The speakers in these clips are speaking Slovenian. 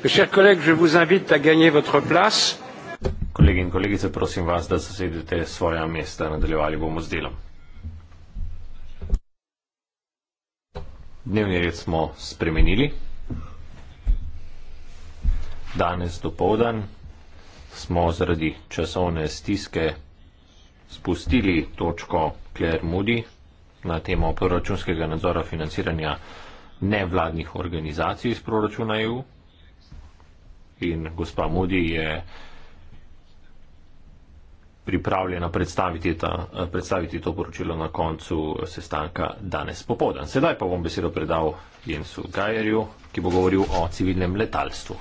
Kolegi in kolegice, prosim vas, da zasedete svoja mesta. Nadaljevali bomo z delom. Dnevni red smo spremenili. Danes do povdan smo zaradi časovne stiske spustili točko Claire Moody na temo proračunskega nadzora financiranja nevladnih organizacij iz proračuna EU in gospa Moody je pripravljena predstaviti, ta, predstaviti to poročilo na koncu sestanka danes popodan. Sedaj pa bom besedo predal Jensu Gajerju, ki bo govoril o civilnem letalstvu.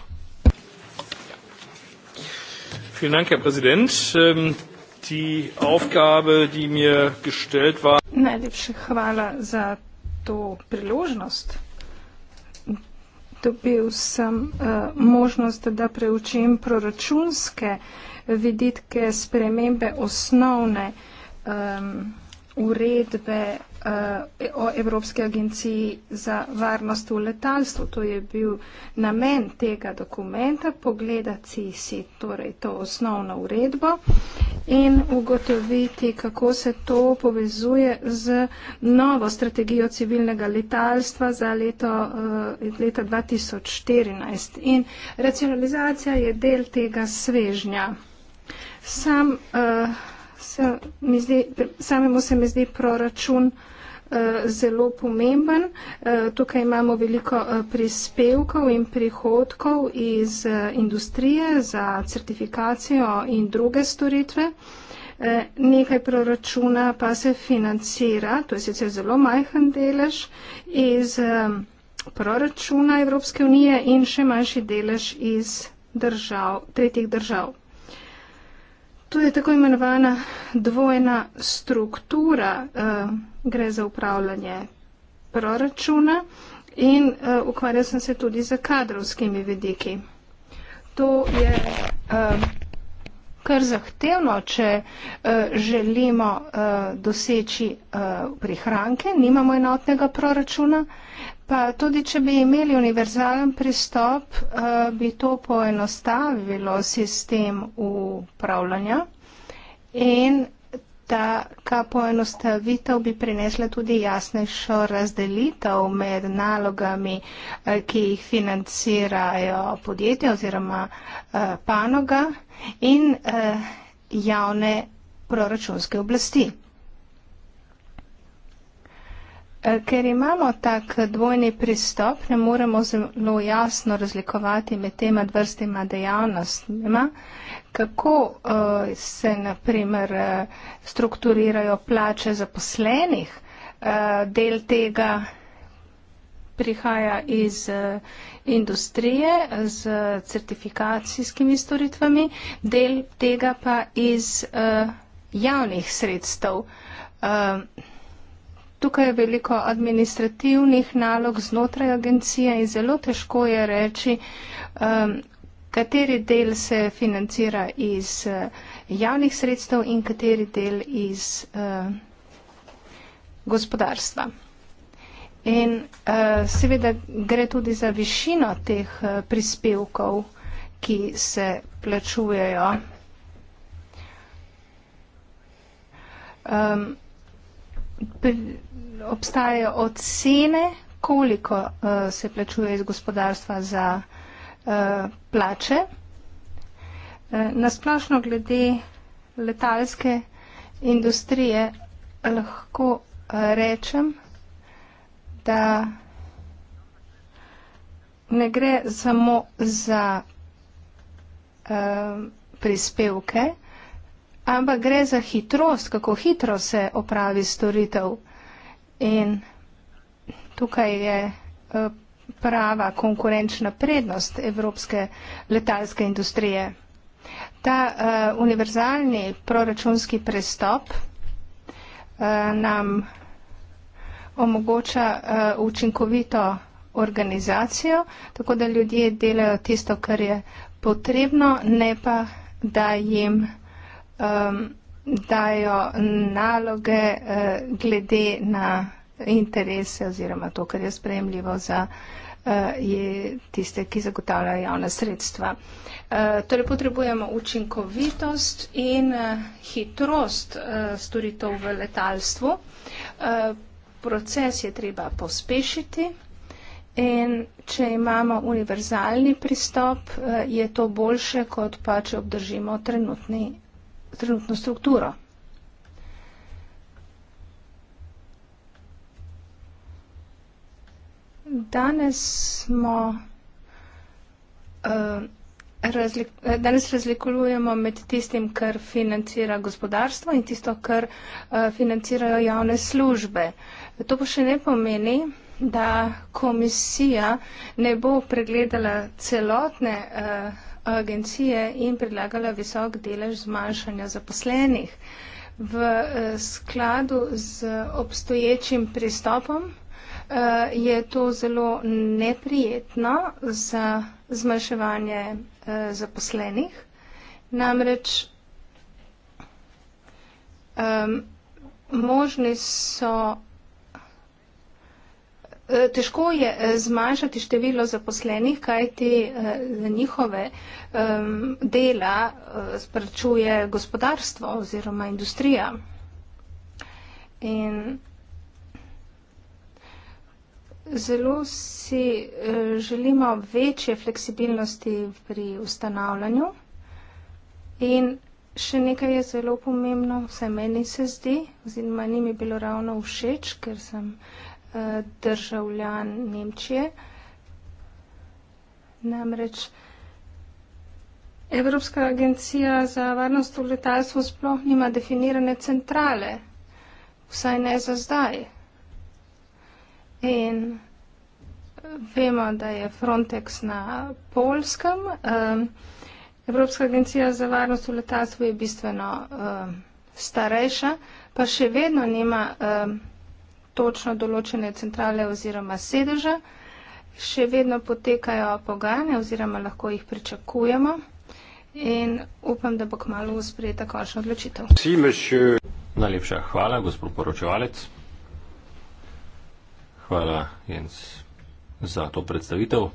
Dank, Herr Präsident. Ähm, die Aufgabe, die mir gestellt war. Najlepša hvala za to priložnost dobil sem eh, možnost, da preučim proračunske viditke spremembe osnovne uredbe Eh, o Evropske agenciji za varnost v letalstvu. To je bil namen tega dokumenta, pogledati si torej to osnovno uredbo in ugotoviti, kako se to povezuje z novo strategijo civilnega letalstva za leto, eh, leta 2014. In racionalizacija je del tega svežnja. Sam uh, mesta, mi zdi, samemu se mi zdi proračun eh, zelo pomemben. Eh, tukaj imamo veliko eh, prispevkov in prihodkov iz industrije za certifikacijo in druge storitve. Nekaj proračuna pa se financira, to je sicer zelo majhen delež, iz proračuna Evropske unije in še manjši delež iz držav, tretjih držav. To je tako imenovana dvojna struktura, eh, gre za upravljanje proračuna in eh, ukvarjal sem se tudi z kadrovskimi vidiki. To je eh, kar zahtevno, če želimo doseči prihranke, nimamo enotnega proračuna, Pa tudi, če bi imeli univerzalen pristop, eh, bi to poenostavilo sistem upravljanja in ta poenostavitev bi prinesla tudi jasnejšo razdelitev med nalogami, eh, ki jih financirajo podjetje oziroma eh, panoga in javne proračunske oblasti. Eh, ker imamo tak eh, dvojni pristop, ne moremo zelo jasno razlikovati med tema vrstima dejavnostima, kako uh, se naprimer strukturirajo plače zaposlenih, uh, del tega prihaja iz uh, industrije z certifikacijskimi storitvami, del tega pa iz uh, javnih sredstev. Uh, Tukaj je veliko administrativnih nalog znotraj agencije in zelo težko je reči, um, kateri del se financira iz uh, javnih sredstev in kateri del iz uh, gospodarstva. In uh, seveda gre tudi za višino teh uh, prispevkov, ki se plačujejo. Um, obstajajo ocene, koliko uh, se plačuje iz gospodarstva za uh, plače. Uh, eh, nasplošno glede letalske industrije lahko uh, rečem, da ne gre samo za uh, prispevke, ampak gre za hitrost, kako hitro se opravi storitev. In tukaj je eh, prava konkurenčna prednost evropske letalske industrije. Ta uh, univerzalni proračunski prestop uh, nam omogoča uh, učinkovito organizacijo, tako da ljudje delajo tisto, kar je potrebno, ne pa, da jim um, dajo naloge eh, glede na interese oziroma to, kar je sprejemljivo za eh, je tiste, ki zagotavljajo javna sredstva. Eh, torej potrebujemo učinkovitost in hitrost storitev v letalstvu. Proces je treba pospešiti in če imamo univerzalni pristop, je to boljše, kot pa če obdržimo trenutni trenutno strukturo. Danes smo eh, Razlik, eh, danes razlikujemo med tistim, kar financira gospodarstvo in tisto, kar eh, financirajo javne službe. To pa še ne pomeni, da komisija ne bo pregledala celotne agencije in predlagala visok delež zmanjšanja zaposlenih. V eh, skladu z obstoječim pristopom eh, je to zelo neprijetno za zmanjševanje eh, zaposlenih. Namreč možni so Težko je eh, zmanjšati število zaposlenih, kajti eh, njihove dela eh, sprečuje gospodarstvo oziroma industrija. In zelo si želimo večje fleksibilnosti pri ustanavljanju. In še nekaj je zelo pomembno, vse meni se zdi, oziroma ni mi bilo ravno všeč, ker sem uh, Eh, državljan Nemčije. Namreč Evropska agencija za varnost v letalstvu sploh nima definirane centrale, vsaj ne za zdaj. In eh, vemo, da je Frontex na polskem. Evropska agencija za varnost v letalstvu je bistveno eh, starejša, pa še vedno nima točno določene centrale oziroma sedeža. Še vedno potekajo pogajanja oziroma lahko jih pričakujemo in upam, da bo k malu usprejeta končna odločitev. Si, Najlepša hvala, gospod poročevalec. Hvala, Jens, za to predstavitev.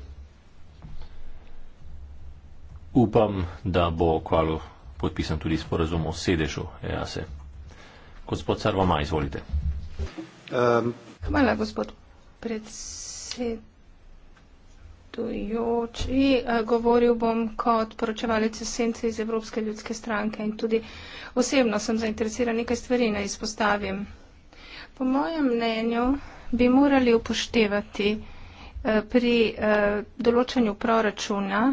Upam, da bo kvalo podpisan tudi sporazum o sedežu EASE. E. Gospod Sarvama, izvolite. Um, Hvala, gospod predsedujoči. Eh, govoril bom kot poročevalec esence iz Evropske ljudske stranke in tudi osebno sem zainteresiran nekaj stvari na izpostavim. Po mojem mnenju bi morali upoštevati eh, pri eh, določanju proračuna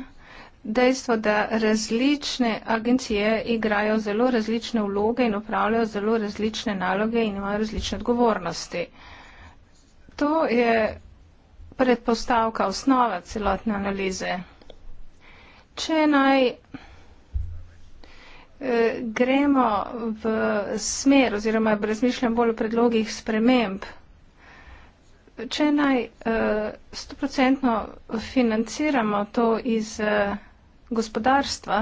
dejstvo, da različne agencije igrajo zelo različne vloge in upravljajo zelo različne naloge in imajo različne odgovornosti. To je predpostavka, osnova celotne analize. Če naj e, gremo v smer oziroma razmišljam bolj o predlogih sprememb, če naj eh, stoprocentno e, financiramo to iz e, gospodarstva,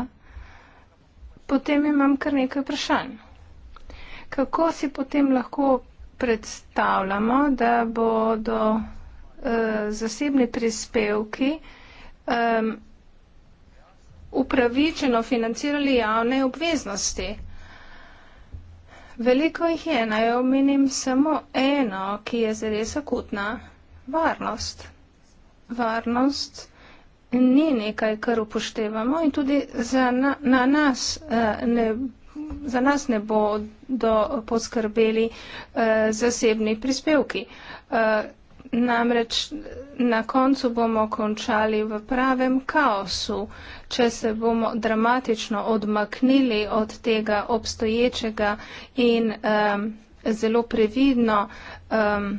potem imam kar nekaj vprašanj. Kako si potem lahko predstavljamo, da bodo eh, zasebni prispevki eh, upravičeno financirali javne obveznosti? Veliko jih je, naj omenim samo eno, ki je zares akutna, varnost. Varnost ni nekaj, kar upoštevamo in tudi za, na, na nas, eh, ne, za nas ne bodo poskrbeli eh, zasebni prispevki. Eh, namreč na koncu bomo končali v pravem kaosu, če se bomo dramatično odmaknili od tega obstoječega in um, zelo previdno um,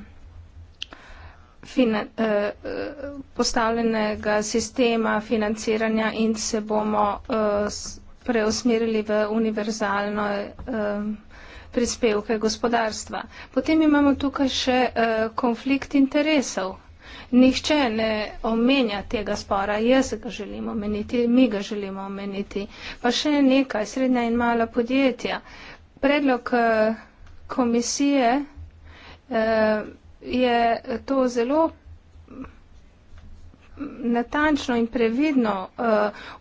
fin, eh, eh, postavljenega sistema financiranja in se bomo eh, preusmerili v univerzalno prispevke gospodarstva. Potem imamo tukaj še konflikt interesov. Nihče ne omenja tega spora, jaz ga želim omeniti, mi ga želimo omeniti. Pa še nekaj, srednja in mala podjetja. Predlog komisije eh, je to zelo natančno in previdno uh,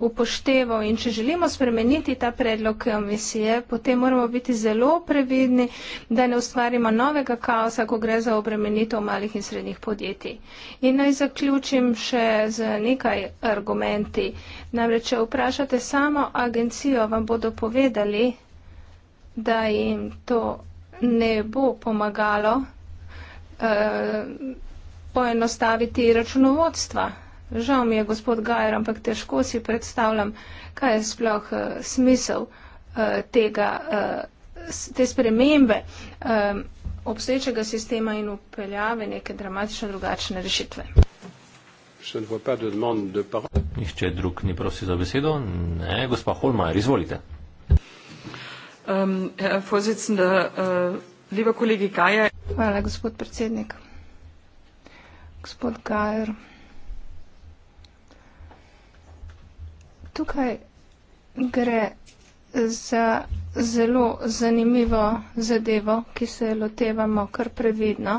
upošteval in če želimo spremeniti ta predlog komisije, potem moramo biti zelo previdni, da ne ustvarimo novega kaosa, ko gre za obremenitev malih in srednjih podjetij. In naj zaključim še z nekaj argumenti. Namreč, če vprašate samo agencijo, vam bodo povedali, da jim to ne bo pomagalo. Eh, poenostaviti računovodstva. Žal mi je gospod Gajer, ampak težko si predstavljam, kaj je sploh uh, smisel uh, tega, uh, te spremembe um, obsečega sistema in upeljave neke dramatično drugačne rešitve. Nihče drug ni prosil za besedo. Ne, gospa Holmajer, izvolite. Um, Hvala, gospod predsednik. Gospod Gajer. Tukaj gre za zelo zanimivo zadevo, ki se jo lotevamo kar previdno,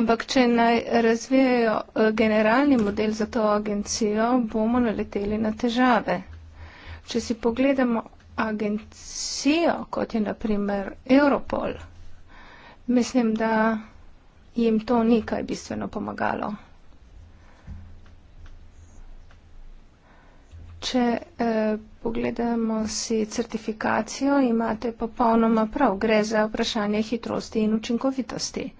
ampak če naj razvijajo eh, generalni model za to agencijo, bomo naleteli na težave. Če si pogledamo agencijo, kot je naprimer Europol, mislim, da jim to nekaj bistveno pomagalo. Če eh, pogledamo si certifikacijo, imate popolnoma prav, gre za vprašanje hitrosti in učinkovitosti.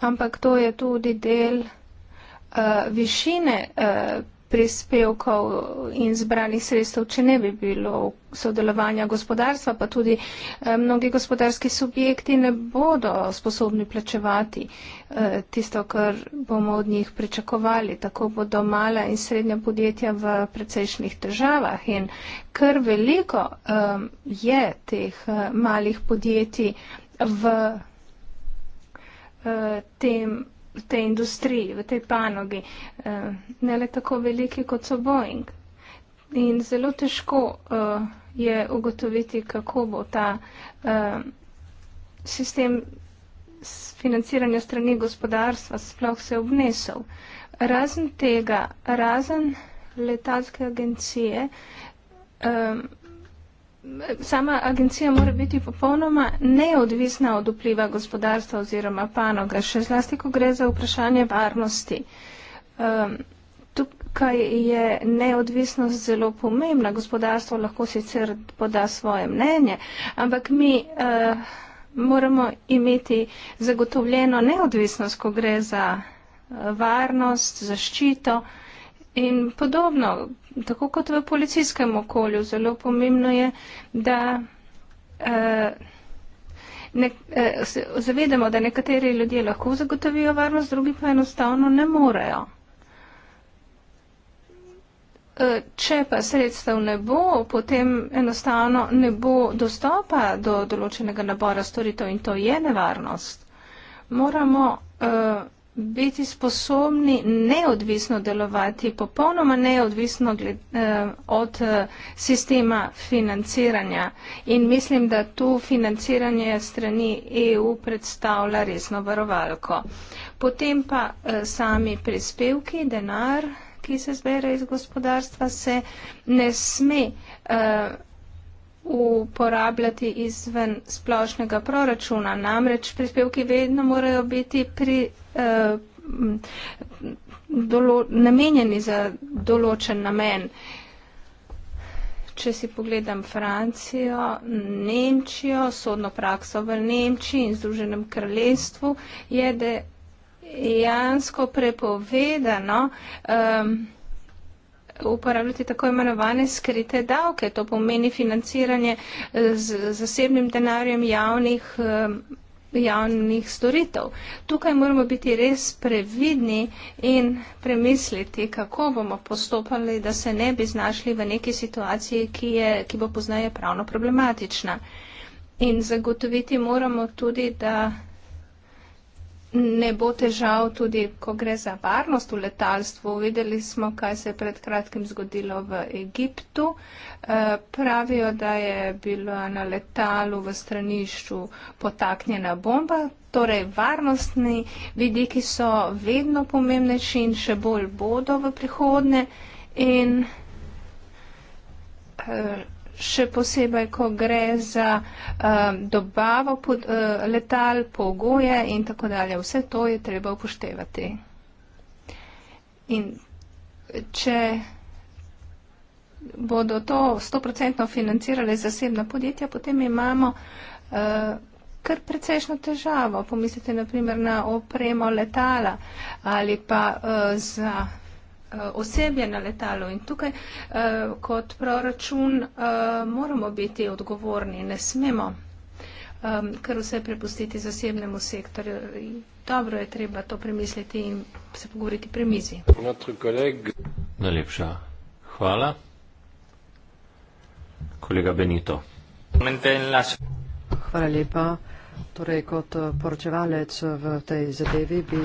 Ampak to je tudi del eh, višine eh, prispevkov in zbranih sredstev, če ne bi bilo sodelovanja gospodarstva, pa tudi eh, mnogi gospodarski subjekti ne bodo sposobni plačevati eh, tisto, kar bomo od njih pričakovali. Tako bodo mala in srednja podjetja v precejšnjih državah in kar veliko eh, je teh malih podjetij v tem v tej industriji, v tej panogi, eh, ne le tako veliki, kot so Boeing. In zelo težko eh, je ugotoviti, kako bo ta eh, sistem financiranja strani gospodarstva sploh se obnesel. Razen tega, razen letalske agencije, Sama agencija mora biti popolnoma neodvisna od vpliva gospodarstva oziroma panoga, še zlasti, ko gre za vprašanje varnosti. Um, tukaj je neodvisnost zelo pomembna. Gospodarstvo lahko sicer poda svoje mnenje, ampak mi uh, moramo imeti zagotovljeno neodvisnost, ko gre za eh, varnost, zaščito. In podobno, tako kot v policijskem okolju, zelo pomembno je, da eh, eh, se uh, zavedamo, da nekateri ljudje lahko zagotovijo varnost, drugi pa enostavno ne morejo. Eh, če pa sredstev ne bo, potem enostavno ne bo dostopa do določenega nabora storitev in to je nevarnost. Moramo uh, biti sposobni neodvisno delovati, popolnoma neodvisno gled, eh, od eh, sistema financiranja. In mislim, da tu financiranje strani EU predstavlja resno varovalko. Potem pa eh, sami prispevki, denar, ki se zbere iz gospodarstva, se ne sme. Eh, uporabljati izven splošnega proračuna. Namreč prispevki vedno morajo biti pri, eh, dolo, namenjeni za določen namen. Če si pogledam Francijo, Nemčijo, sodno prakso v Nemčiji in Združenem kraljestvu, je dejansko prepovedano. Eh, uporabljati tako imenovane skrite davke. To pomeni financiranje eh, z zasebnim denarjem javnih, eh, javnih storitev. Tukaj moramo biti res previdni in premisliti, kako bomo postopali, da se ne bi znašli v neki situaciji, ki, je, ki bo poznaje pravno problematična. In zagotoviti moramo tudi, da ne bo težav tudi, ko gre za varnost v letalstvu. Videli smo, kaj se je pred kratkim zgodilo v Egiptu. Eh, pravijo, da je bila na letalu v stranišču potaknjena bomba. Torej, varnostni vidiki so vedno pomembnejši in še bolj bodo v prihodne. In, eh, še posebej, ko gre za uh, dobavo pod, uh, letal, pogoje in tako dalje. Vse to je treba upoštevati. In če bodo to 100% financirale zasebna podjetja, potem imamo uh, kar precejšno težavo. Pomislite naprimer na opremo letala ali pa uh, za. Eh, osebje na letalu in tukaj eh, kot proračun eh, moramo biti odgovorni, ne smemo kar vse prepustiti zasebnemu sektorju. Dobro je treba to premisliti in se pogovoriti pri mizi. Najlepša hvala. Kolega Benito. Hvala lepa. Torej, kot poročevalec v tej zadevi bi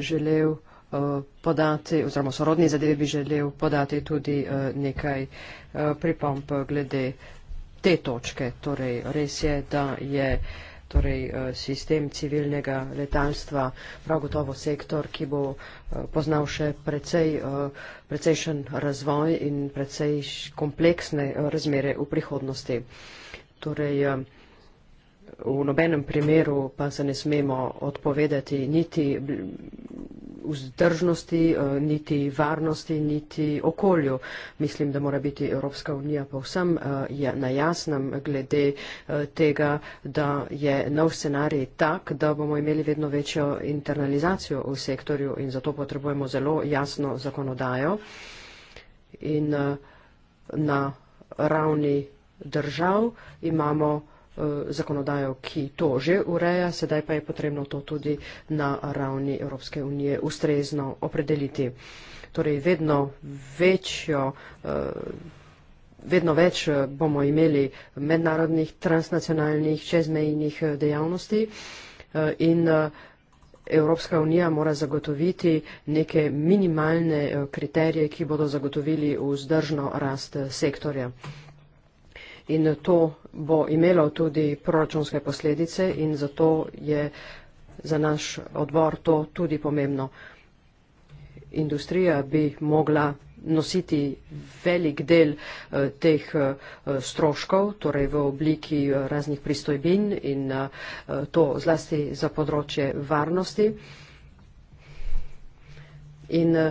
želel Eh, podati, oziroma sorodni zadevi bi želel podati tudi eh, nekaj eh, pripomp glede te točke. Torej, res je, da je torej, sistem civilnega letalstva prav gotovo sektor, ki bo poznal še precej, precejšen razvoj in precej kompleksne razmere v prihodnosti. Torej, v nobenem primeru pa se ne smemo odpovedati niti vzdržnosti, eh, niti varnosti, niti okolju. Mislim, da mora biti Evropska unija povsem eh, na jasnem glede eh, tega, da je nov scenarij tak, da bomo imeli vedno večjo internalizacijo v sektorju in zato potrebujemo zelo jasno zakonodajo in na ravni držav imamo Eh, zakonodajo, ki to že ureja, sedaj pa je potrebno to tudi na ravni Evropske unije ustrezno opredeliti. Torej vedno večjo. Eh, vedno več eh, bomo imeli mednarodnih, transnacionalnih, čezmejnih dejavnosti in Evropska unija mora zagotoviti neke minimalne kriterije, ki bodo zagotovili vzdržno rast sektorja in to bo imelo tudi proračunske posledice in zato je za naš odbor to tudi pomembno. Industrija bi mogla nositi velik del eh, teh eh, stroškov, torej v obliki eh, raznih pristojbin in to zlasti za področje varnosti. In uh,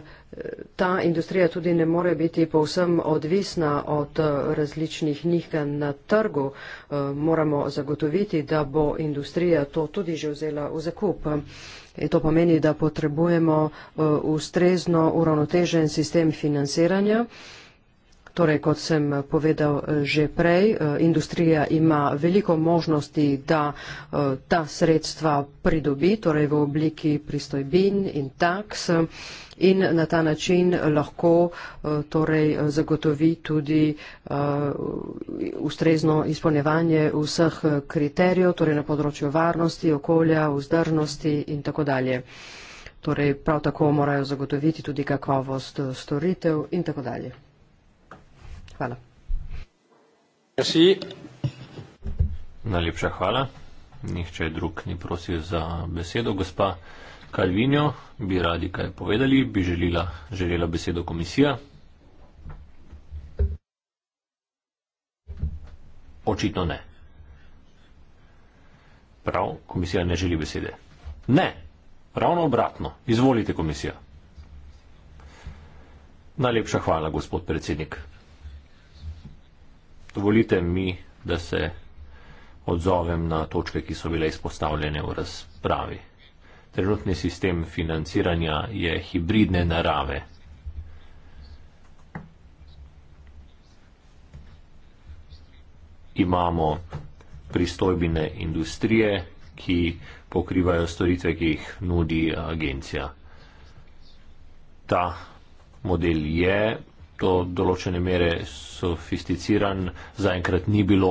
ta industrija tudi ne more biti povsem odvisna od eh, različnih njihka na trgu. Eh, moramo zagotoviti, da bo industrija to tudi že vzela v zakup. In to pomeni, da potrebujemo eh, ustrezno uravnotežen sistem financiranja. Torej, kot sem povedal eh, že prej, eh, industrija ima veliko možnosti, da eh, ta sredstva pridobi, torej v obliki pristojbin in taks in na ta način lahko torej, zagotovi tudi ustrezno izpolnjevanje vseh kriterijev, torej na področju varnosti, okolja, vzdržnosti in tako dalje. Torej, prav tako morajo zagotoviti tudi kakovost storitev in tako dalje. Hvala. Merci. Najlepša hvala. Nihče drug ni prosil za besedo. Gospa Kalvinjo, bi radi kaj povedali, bi želila, želela besedo komisija. Očitno ne. Prav, komisija ne želi besede. Ne, ravno obratno. Izvolite, komisija. Najlepša hvala, gospod predsednik dovolite mi, da se odzovem na točke, ki so bile izpostavljene v razpravi. Trenutni sistem financiranja je hibridne narave. Imamo pristojbine industrije, ki pokrivajo storitve, ki jih nudi agencija. Ta model je do določene mere sofisticiran, zaenkrat ni bilo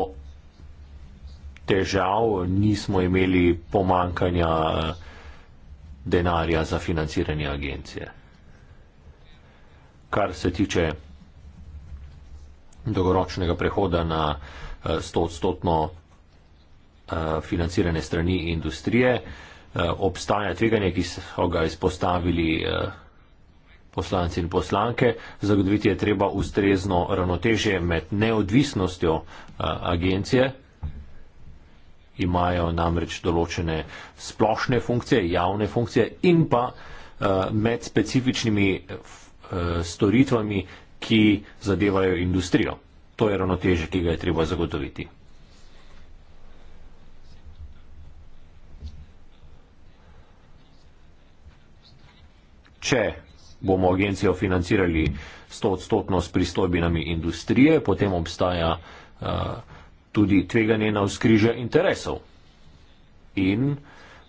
težav, nismo imeli pomankanja denarja za financiranje agencije. Kar se tiče dolgoročnega prehoda na 100-odstotno eh, eh, financiranje strani industrije, eh, obstaja tveganje, ki so ga izpostavili poslanci in poslanke, zagotoviti je treba ustrezno ravnotežje med neodvisnostjo eh, agencije, imajo namreč določene splošne funkcije, javne funkcije in pa eh, med specifičnimi eh, storitvami, ki zadevajo industrijo. To je ravnotežje, ki ga je treba zagotoviti. Če bomo agencijo financirali 100 odstotno s pristojbinami industrije, potem obstaja uh, tudi tveganje na vzkrižje interesov. In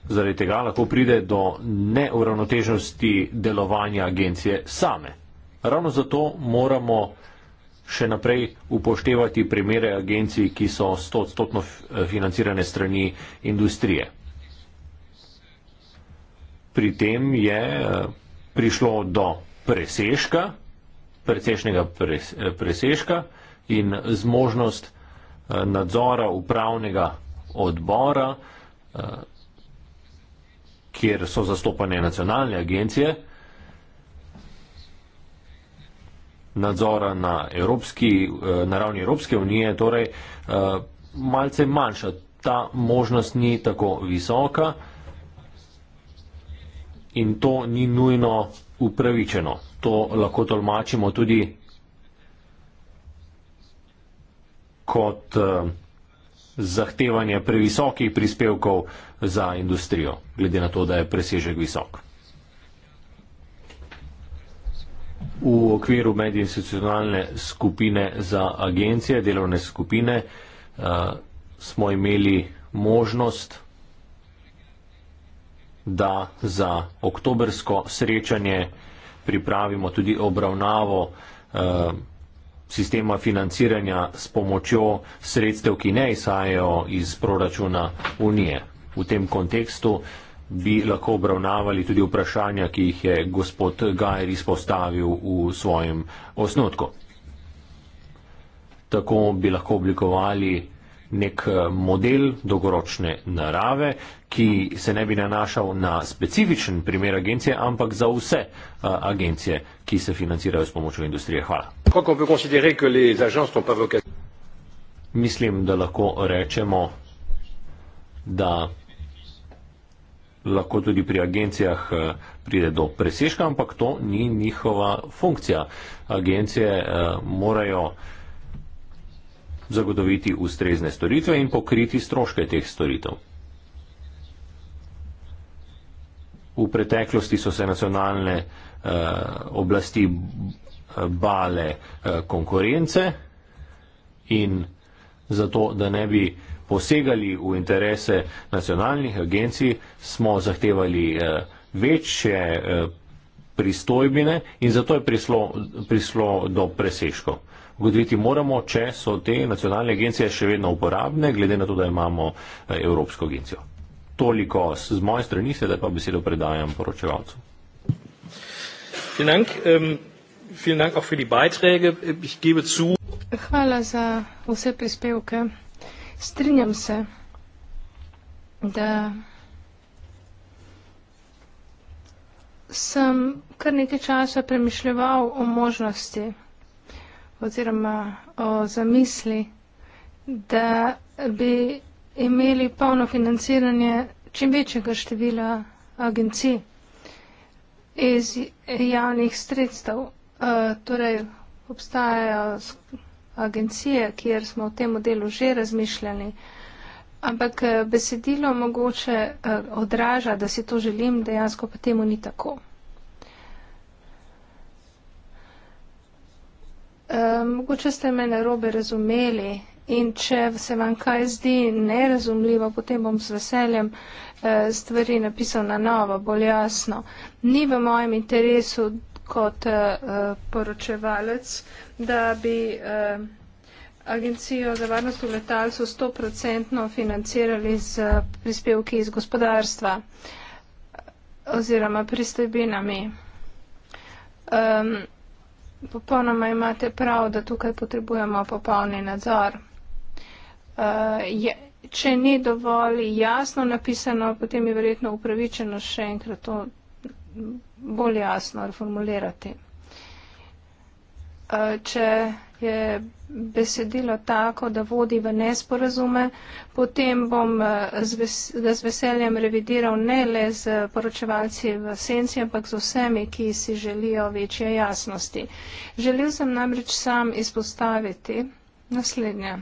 zaradi tega lahko pride do neuravnotežnosti delovanja agencije same. Ravno zato moramo še naprej upoštevati primere agencij, ki so 100 odstotno eh, financirane strani industrije. Pri tem je eh, prišlo do presežka, precejšnjega eh, presežka in zmožnost eh, nadzora upravnega odbora, eh, kjer so zastopane nacionalne agencije, nadzora na, evropski, na ravni Evropske unije, torej malce manjša. Ta možnost ni tako visoka in to ni nujno upravičeno. To lahko tolmačimo tudi kot eh, zahtevanje previsokih prispevkov za industrijo, glede na to, da je presežek visok. V okviru medinstitucionalne skupine za agencije, delovne skupine, uh, smo imeli možnost da za oktobersko srečanje pripravimo tudi obravnavo eh, sistema financiranja s pomočjo sredstev, ki ne izhajajo iz proračuna Unije. V tem kontekstu bi lahko obravnavali tudi vprašanja, ki jih je gospod Gajer izpostavil v svojem osnotku. Tako bi lahko oblikovali nek eh, model dogoročne narave, ki se ne bi nanašal na specifičen primer agencije, ampak za vse eh, agencije, ki se financirajo s pomočjo industrije. Hvala. Mislim, da lahko rečemo, da lahko tudi pri agencijah eh, pride do presežka, ampak to ni njihova funkcija. Agencije morajo zagotoviti ustrezne storitve in pokriti stroške teh storitev. V preteklosti so se nacionalne eh, oblasti eh, bale eh, konkurence in zato, da ne bi posegali v interese nacionalnih agencij, smo zahtevali eh, večje eh, pristojbine in zato je prišlo, prišlo do preseškov ugotoviti moramo, če so te nacionalne agencije še vedno uporabne, glede na to, da imamo eh, Evropsko agencijo. Toliko z moje strani, sedaj pa besedo predajam poročevalcu. Ähm, Hvala za vse prispevke. Strinjam se, da sem kar nekaj časa premišljeval o možnosti oziroma o zamisli, da bi imeli polno financiranje čim večjega števila agencij iz javnih sredstev. E, torej, obstajajo agencije, kjer smo v tem modelu že razmišljali, ampak eh, besedilo mogoče eh, odraža, da si to želim, dejansko pa temu ni tako. Eh, mogoče ste me narobe razumeli in če se vam kaj zdi nerazumljivo, potem bom z veseljem eh, stvari napisal na novo, bolj jasno. Ni v mojem interesu kot eh, poročevalec, da bi agencijo za varnost v letalcu 100% financirali z prispevki iz gospodarstva oziroma pristojbinami. Popolnoma imate prav, da tukaj potrebujemo popolni nadzor. Uh, je, če ni dovolj jasno napisano, potem je verjetno upravičeno še enkrat to bolj jasno reformulirati. Eh, če je besedilo tako, da vodi v nesporazume, potem bom ga eh, z veseljem revidiral ne le z poročevalci v senci, ampak z vsemi, ki si želijo večje jasnosti. Želel sem namreč sam izpostaviti naslednje.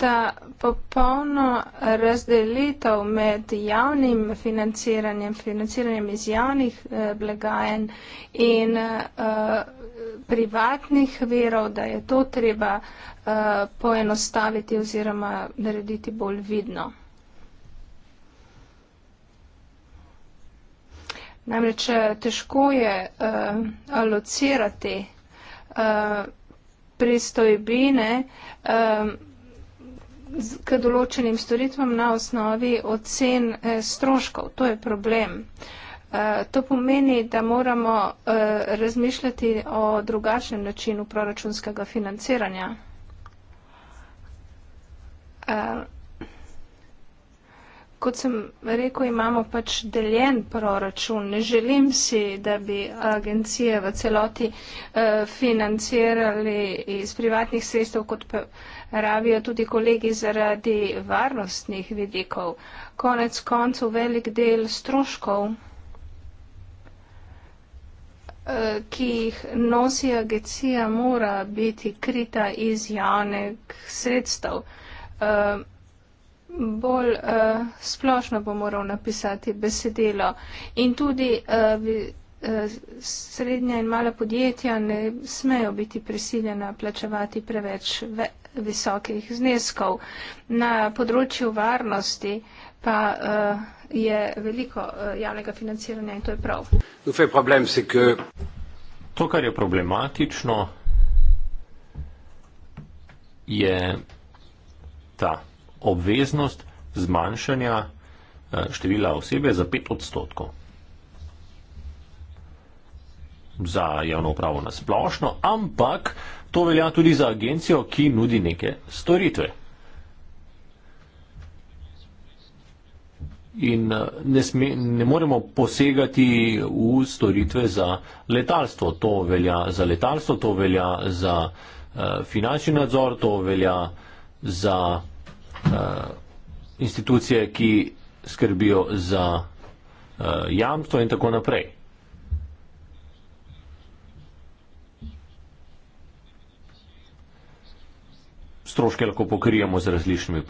ta popolno razdelitev med javnim financiranjem, financiranjem iz javnih eh, blagajen in eh, privatnih verov, da je to treba eh, poenostaviti oziroma narediti bolj vidno. Namreč težko je uh, alocirati uh, pristojbine. Uh, k določenim storitvam na osnovi ocen eh, stroškov. To je problem. Eh, to pomeni, da moramo eh, razmišljati o drugačnem načinu proračunskega financiranja. Kot sem rekel, imamo pač deljen proračun. Ne želim si, da bi agencije v celoti financirali iz privatnih sredstev, kot pa rabijo tudi kolegi zaradi varnostnih vidikov. Konec koncev velik del stroškov, eh, ki jih nosi agencija, mora biti krita iz javnih sredstev. Eh, bolj eh, splošno bo moral napisati besedilo in tudi srednja in mala podjetja ne smejo biti prisiljena plačevati preveč visokih zneskov. Na področju varnosti pa uh, je veliko uh, javnega financiranja in to je prav. To, kar je problematično, je ta obveznost zmanjšanja eh, števila osebe za pet odstotkov za javno upravo na splošno, ampak to velja tudi za agencijo, ki nudi neke storitve. In eh, ne, sme, ne moremo posegati v storitve za letalstvo. To velja za letalstvo, to velja za uh, finančni nadzor, to velja za uh, institucije, ki skrbijo za uh, jamstvo in tako naprej. stroške lahko pokrijemo z različnimi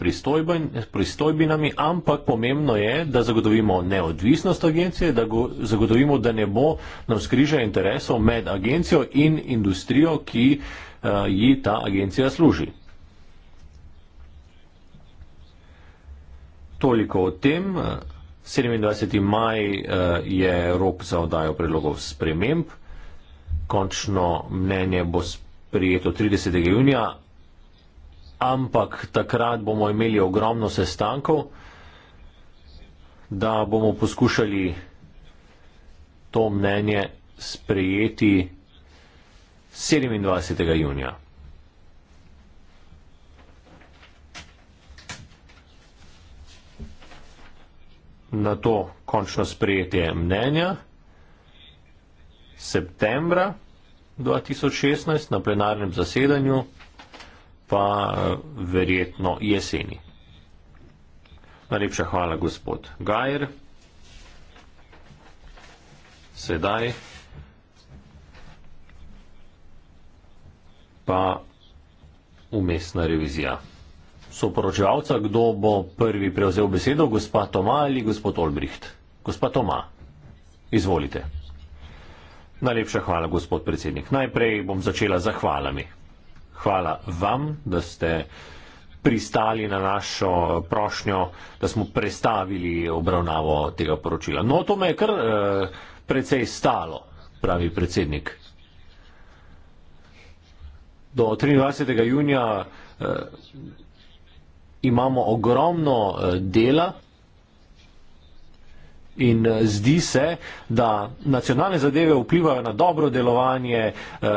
pristojbinami, ampak pomembno je, da zagotovimo neodvisnost agencije, da go, zagotovimo, da ne bo nam skriža interesov med agencijo in industrijo, ki uh, ji ta agencija služi. Toliko o tem. 27. maj uh, je rok za odajo predlogov sprememb. Končno mnenje bo sprijeto 30. junija ampak takrat bomo imeli ogromno sestankov, da bomo poskušali to mnenje sprejeti 27. junija. Na to končno sprejetje mnenja septembra 2016 na plenarnem zasedanju pa eh, verjetno jeseni. Najlepša hvala, gospod Gajer. Sedaj pa umestna revizija. Soporočevalca, kdo bo prvi prevzel besedo, gospa Toma ali gospod Olbricht? Gospa Toma, izvolite. Najlepša hvala, gospod predsednik. Najprej bom začela z zahvalami hvala vam, da ste pristali na našo prošnjo, da smo prestavili obravnavo tega poročila. No, to me je kar eh, precej stalo, pravi predsednik. Do 23. junija eh, imamo ogromno eh, dela, in eh, zdi se, da nacionalne zadeve vplivajo na dobro delovanje eh,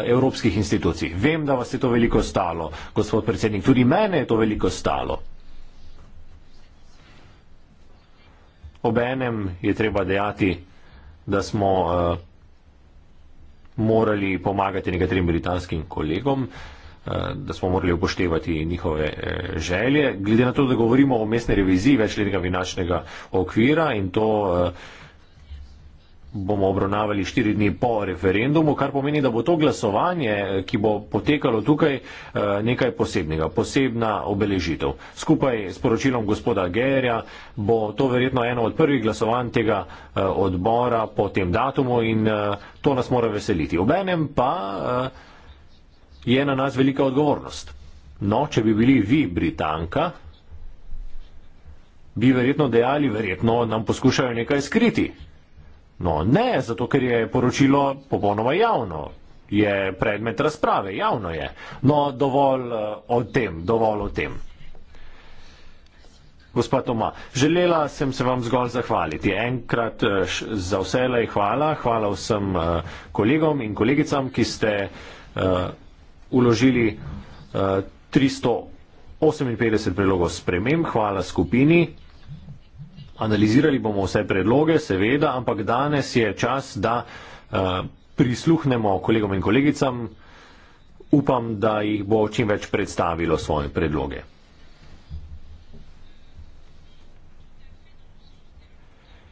evropskih institucij. Vem, da vas je to veliko stalo, gospod predsednik, tudi mene je to veliko stalo. Obenem je treba dejati, da smo uh, morali pomagati nekaterim britanskim kolegom, uh, da smo morali upoštevati njihove eh, želje. Glede na to, da govorimo o mestni reviziji večletnega finančnega okvira in to eh, bomo obravnavali štiri dni po referendumu, kar pomeni, da bo to glasovanje, eh, ki bo potekalo tukaj, nekaj posebnega, posebna obeležitev. Skupaj s poročilom gospoda Gerja bo to verjetno eno od prvih glasovanj tega odbora po tem datumu in to nas mora veseliti. Obenem pa je na nas velika odgovornost. No, če bi bili vi Britanka, bi verjetno dejali, verjetno nam poskušajo nekaj skriti. No, ne, zato ker je poročilo popolnoma javno, je predmet razprave, javno je. No, dovolj eh, o tem, dovolj o tem. Gospa Toma, želela sem se vam zgolj zahvaliti. Enkrat eh, za vselej hvala, hvala vsem eh, kolegom in kolegicam, ki ste vložili uh, eh, 358 predlogov spremem, hvala skupini. Analizirali bomo vse predloge, seveda, ampak danes je čas, da uh, prisluhnemo kolegom in kolegicam. Upam, da jih bo čim več predstavilo svoje predloge.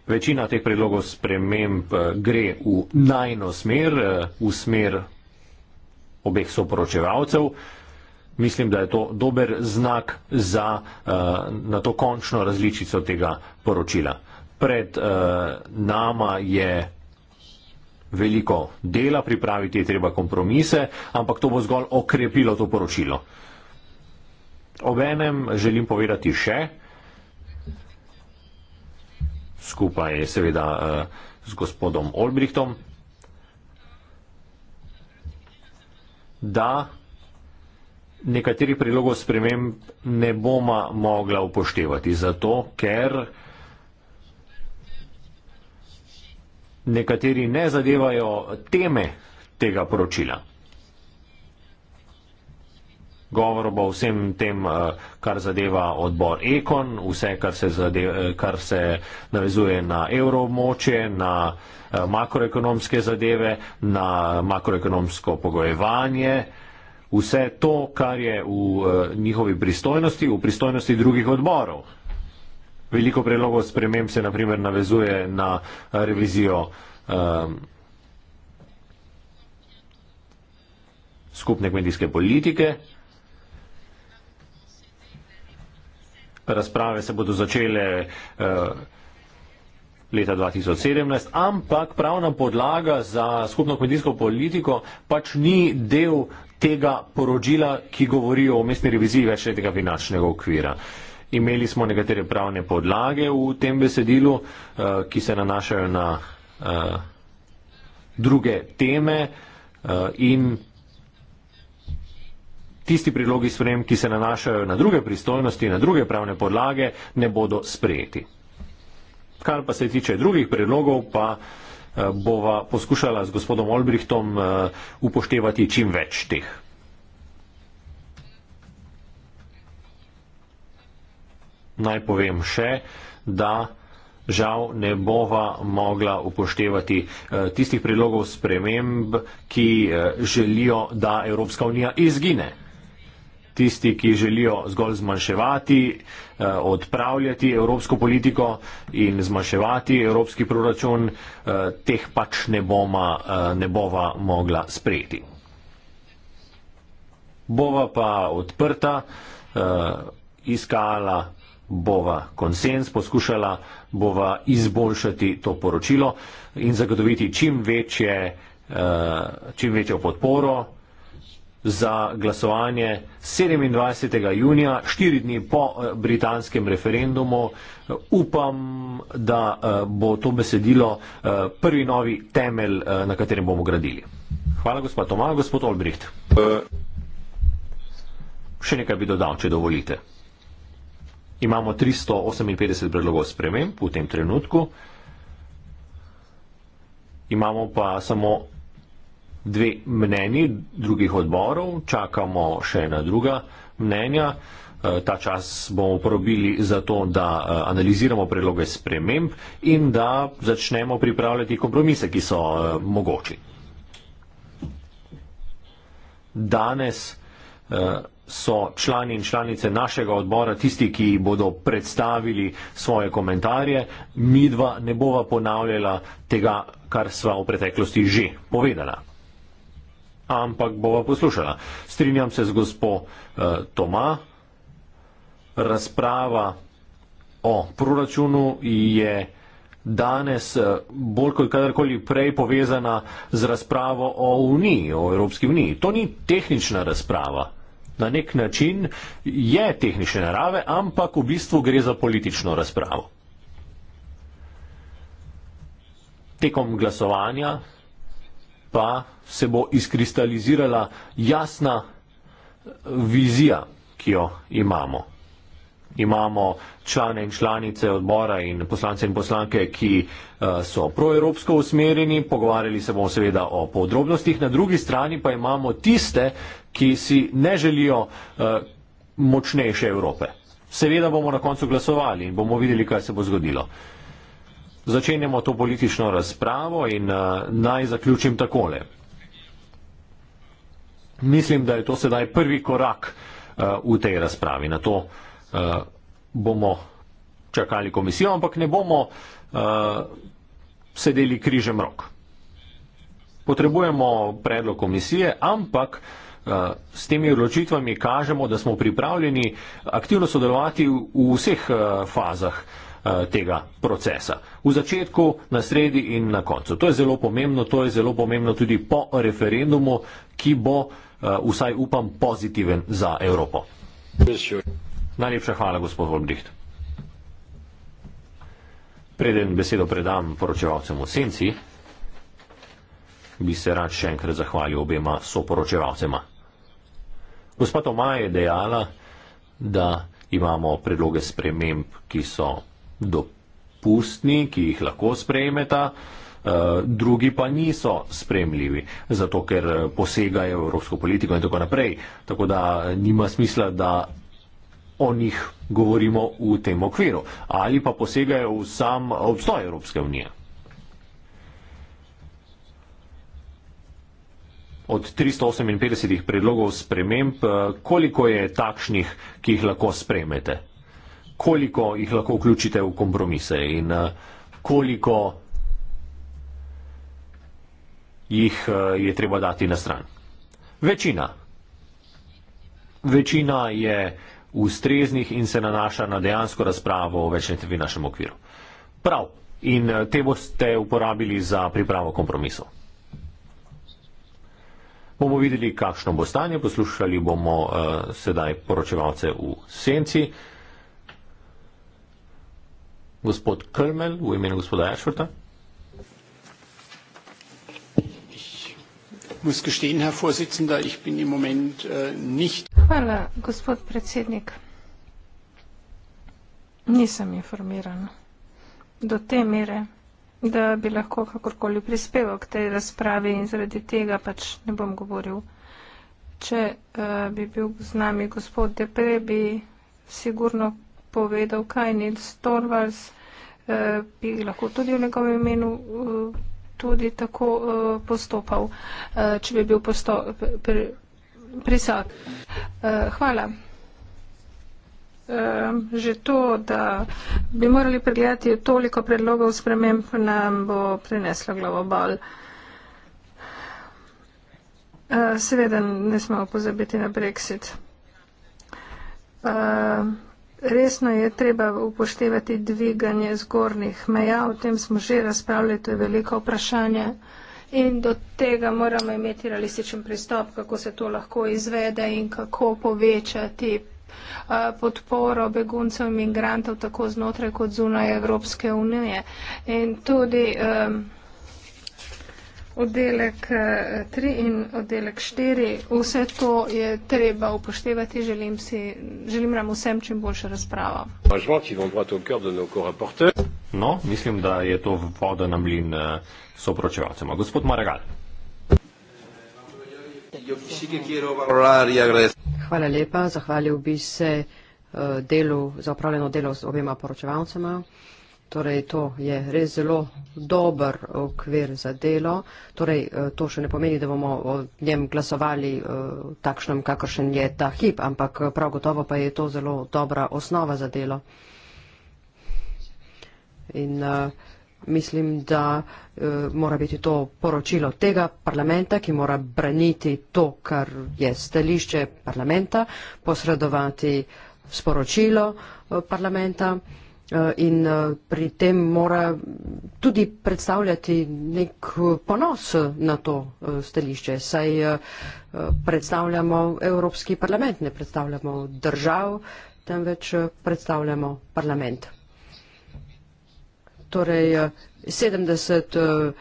Večina teh predlogov sprememb eh, gre v najno smer, v smer obeh soporočevalcev. Mislim, da je to dober znak za uh, na to končno različico tega poročila. Pred uh, nama je veliko dela, pripraviti je treba kompromise, ampak to bo zgolj okrepilo to poročilo. Obenem želim povedati še, skupaj seveda uh, z gospodom Olbrichtom, da nekaterih predlogov sprememb ne bomo mogla upoštevati, zato ker nekateri ne zadevajo teme tega poročila govor bo vsem tem, eh, kar zadeva odbor Ekon, vse, kar se, zadeva, eh, kar se navezuje na evroobmoče, na eh, makroekonomske zadeve, na makroekonomsko pogojevanje. Vse to, kar je v njihovi pristojnosti, v pristojnosti drugih odborov. Veliko predlogov sprememb se naprimer navezuje na revizijo um, skupne kmetijske politike, razprave se bodo začele eh, leta 2017, ampak pravna podlaga za skupno kmetijsko politiko pač ni del tega poročila, ki govori o mestni reviziji večletnega finančnega okvira. Imeli smo nekatere pravne podlage v tem besedilu, eh, ki se nanašajo na eh, druge teme in tisti predlogi sprem, ki se nanašajo na druge pristojnosti, na druge pravne podlage, ne bodo sprejeti. Kar pa se tiče drugih predlogov, pa eh, bova poskušala z gospodom Olbrihtom eh, upoštevati čim več teh. Naj povem še, da žal ne bova mogla upoštevati eh, tistih predlogov sprememb, ki želijo, da Evropska unija izgine tisti, ki želijo zgolj zmanjševati, eh, odpravljati evropsko politiko in zmanjševati evropski proračun, eh, teh pač ne, boma, eh, ne bova mogla sprejeti. Bova pa odprta, iskala bova konsens, poskušala bova izboljšati to poročilo in zagotoviti čim večjo podporo za glasovanje 27. junija, štiri dni po eh, britanskem referendumu. Eh, upam, da eh, bo to besedilo prvi novi temelj, na katerem bomo gradili. Hvala, gospod Toma, gospod Olbricht. Še nekaj bi dodal, če dovolite. Imamo 358 predlogov sprememb v tem trenutku. Imamo pa samo dve mnenji drugih odborov, čakamo še na druga mnenja. E, ta čas bomo uporabili za to, da e, analiziramo predloge sprememb in da začnemo pripravljati kompromise, ki so e, mogoči. Danes so člani in članice našega odbora tisti, ki bodo predstavili svoje komentarje. Midva ne bova ponavljala tega, kar sva v preteklosti že povedala ampak bova poslušala. Strinjam se z gospo eh, Toma. Razprava o proračunu je danes eh, bolj kot kadarkoli prej povezana z razpravo o Uniji, o Evropski uniji. To ni tehnična razprava. Na nek način je tehnične narave, ampak v bistvu gre za politično razpravo. Tekom glasovanja pa se bo izkristalizirala jasna vizija, ki jo imamo. Imamo člane in članice odbora in poslance in poslanke, ki eh, so proevropsko usmerjeni, pogovarjali se bomo seveda o podrobnostih, na drugi strani pa imamo tiste, ki si ne želijo eh, močnejše Evrope. Seveda bomo na koncu glasovali in bomo videli, kaj se bo zgodilo začenjamo to politično razpravo in uh, naj zaključim takole. Mislim, da je to sedaj prvi korak uh, v tej razpravi. Na to uh, bomo čakali komisijo, ampak ne bomo uh, sedeli križem rok. Potrebujemo predlog komisije, ampak s temi odločitvami kažemo, da smo pripravljeni aktivno sodelovati v vseh fazah Eh, tega procesa. V začetku, na sredi in na koncu. To je zelo pomembno, to je zelo pomembno tudi po referendumu, ki bo, eh, vsaj upam, pozitiven za Evropo. Najlepša hvala, gospod Volbricht. Preden besedo predam poročevalcem v senci, bi se rad še enkrat zahvalil obema soporočevalcema. Gospa Tomaja je dejala, da imamo predloge sprememb, ki so dopustni, ki jih lahko sprejmeta, eh, drugi pa niso spremljivi, zato ker eh, posegajo evropsko politiko in tako naprej. Tako da eh, nima smisla, da o njih govorimo v tem okviru ali pa posegajo v sam obstoj Evropske unije. Od 358 predlogov sprememb, koliko je takšnih, ki jih lahko spremete? koliko jih lahko vključite v kompromise in eh, koliko jih eh, je treba dati na stran. Večina. Večina je ustreznih in se nanaša na dejansko razpravo o večnetvi našem okviru. Prav. In eh, te boste uporabili za pripravo kompromisov. Bomo videli, kakšno bo stanje, poslušali bomo uh, sedaj poročevalce v senci gospod Krmel v imenu gospoda Ešvrta. Äh, Hvala, gospod predsednik. Nisem informiran do te mere, da bi lahko kakorkoli prispeval k tej razpravi in zaradi tega pač ne bom govoril. Če uh, bi bil z nami gospod Depre, bi sigurno povedal, kaj je Nils Torvalds, eh, bi lahko tudi v njegovem imenu eh, tudi tako eh, postopal, če bi bil prisoten. Hvala. Že to, da bi morali pregledati toliko predlogov sprememb, nam bo prineslo glavo bolj. Seveda ne smemo pozabiti na brexit. Resno je treba upoštevati dviganje zgornjih meja, o tem smo že razpravljali, to je veliko vprašanje. In do tega moramo imeti realističen pristop, kako se to lahko izvede in kako povečati podporo beguncev in migrantov tako znotraj kot zunaj Evropske unije. In tudi um, oddelek 3 eh, in oddelek 4. Vse to je treba upoštevati. Želim, si, želim nam vsem čim boljšo razpravo. No, mislim, da je to voda na mlin eh, soproševalcem. Gospod Maragal. Hvala lepa. Zahvalil bi se eh, delu, za upravljeno delo z obima poročevalcema. Torej, to je res zelo dober okvir za delo. Torej, eh, to še ne pomeni, da bomo o njem glasovali eh, takšnem, kakršen je ta hip, ampak eh, prav gotovo pa je to zelo dobra osnova za delo. In mislim, da mora biti to poročilo tega parlamenta, ki mora braniti to, kar je stališče parlamenta, posredovati sporočilo parlamenta. Eh, in eh, pri tem mora tudi predstavljati nek ponos na to eh, stališče, saj predstavljamo Evropski parlament, ne predstavljamo držav, temveč predstavljamo parlament. Torej, 70,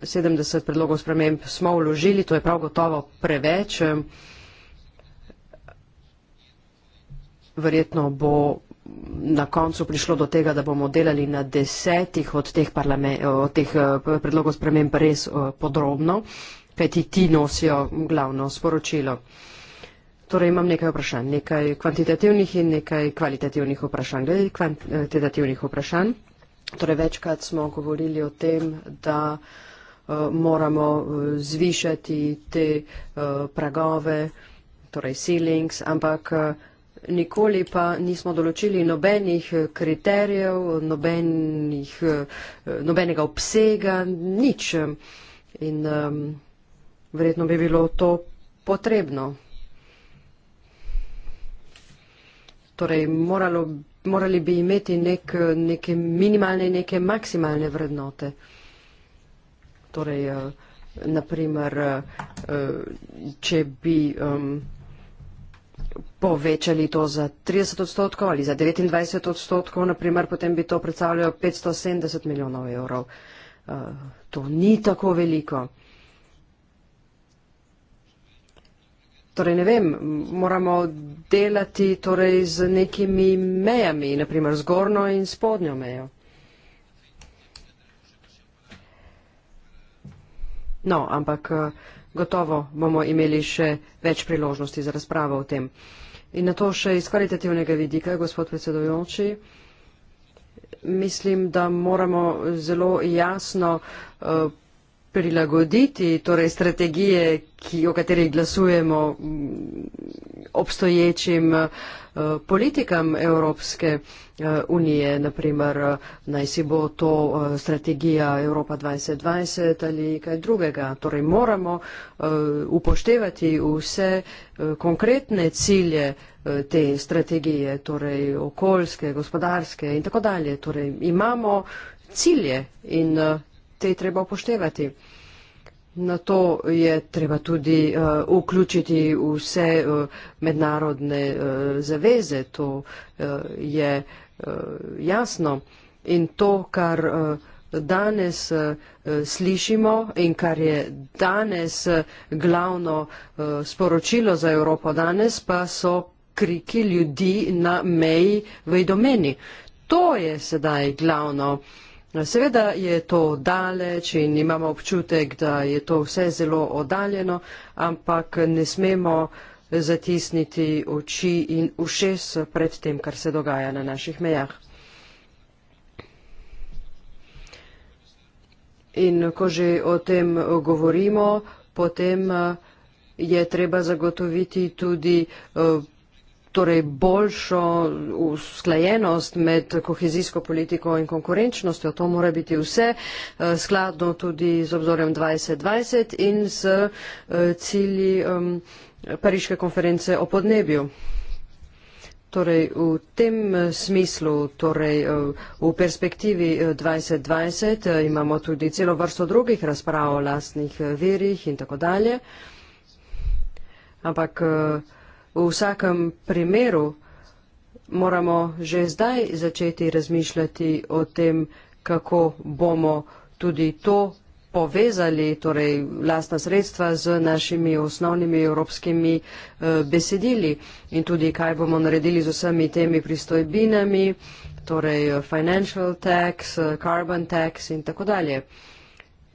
70 predlogov sprememb smo vložili, to je prav gotovo preveč. Verjetno bo na koncu prišlo do tega, da bomo delali na desetih od teh, od teh eh, predlogov sprememb res eh, podrobno, kajti ti nosijo glavno sporočilo. Torej imam nekaj vprašanj, nekaj kvantitativnih in nekaj kvalitativnih vprašanj. Glede kvantitativnih vprašanj, torej večkrat smo govorili o tem, da eh, moramo zvišati te pragove, torej ceilings, ampak nikoli pa nismo določili nobenih eh, kriterijev, nobenih, eh, nobenega obsega, nič. In um, verjetno bi bilo to potrebno. Torej, moralo, morali bi imeti nek, neke minimalne in neke maksimalne vrednote. Torej, uh, eh, naprimer, uh, če bi. Um, povečali to za 30 odstotkov ali za 29 odstotkov, naprimer, potem bi to predstavljalo 570 milijonov evrov. Uh, to ni tako veliko. Torej, ne vem, moramo delati torej, z nekimi mejami, naprimer zgornjo in spodnjo mejo. No, ampak uh, gotovo bomo imeli še več priložnosti za razpravo o tem. In na to še iz kvalitativnega vidika, gospod predsedujoči, mislim, da moramo zelo jasno uh, prilagoditi torej strategije, ki, o katerih glasujemo, mm, obstoječim eh, politikam Evropske eh, unije, naprimer eh, naj si bo to strategija Evropa 2020 ali kaj drugega. Torej moramo upoštevati vse konkretne cilje te strategije, torej okoljske, gospodarske in tako dalje. Torej imamo cilje in te je treba upoštevati. Na to je treba tudi uh, vključiti vse uh, mednarodne uh, zaveze, to uh, je uh, jasno. In to, kar uh, danes uh, slišimo in kar je danes uh, glavno uh, sporočilo za Evropo danes, pa so kriki ljudi na meji v Idomeni. To je sedaj glavno uh, Seveda je to daleč in imamo občutek, da je to vse zelo oddaljeno, ampak ne smemo zatisniti oči in ušes pred tem, kar se dogaja na naših mejah. In ko že o tem govorimo, potem eh, je treba zagotoviti tudi eh, torej boljšo usklajenost med kohezijsko politiko in konkurenčnostjo. To mora biti vse eh, skladno tudi z obzorjem 2020 in s eh, cilji Pariške konference o podnebju. Torej, v tem eh, smislu, torej, v perspektivi 2020, imamo tudi celo vrsto drugih razprav o lastnih verjih in tako dalje. Ampak V vsakem primeru moramo že zdaj začeti razmišljati o tem, kako bomo tudi to povezali, torej lastna sredstva z našimi osnovnimi evropskimi eh, besedili in tudi kaj bomo naredili z vsemi temi pristojbinami, torej eh, financial tax, eh, carbon tax in tako dalje.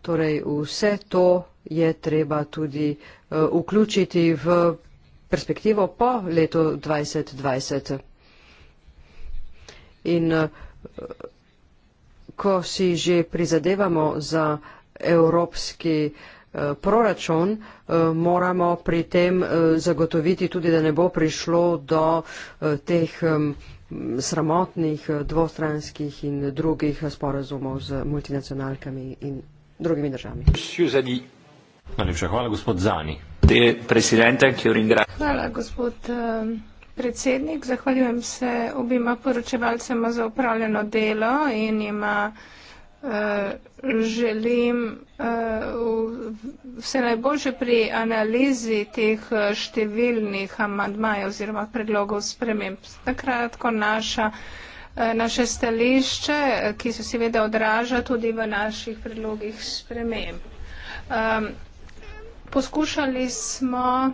Torej vse to je treba tudi vključiti v perspektivo po letu 2020. In eh, ko si že prizadevamo za evropski eh, proračun, eh, moramo pri tem zagotoviti tudi, da ne bo prišlo do teh sramotnih dvostranskih in drugih sporazumov z multinacionalkami in drugimi državami. Najlepša hvala, gospod Zani. Hvala, gospod eh, predsednik. Zahvaljujem se obima poročevalcema za upravljeno delo in ima eh, želim eh, vse najboljše pri analizi teh številnih amandmajev oziroma predlogov sprememb. Nakratko naša naše stališče, ki se seveda odraža tudi v naših predlogih sprememb poskušali smo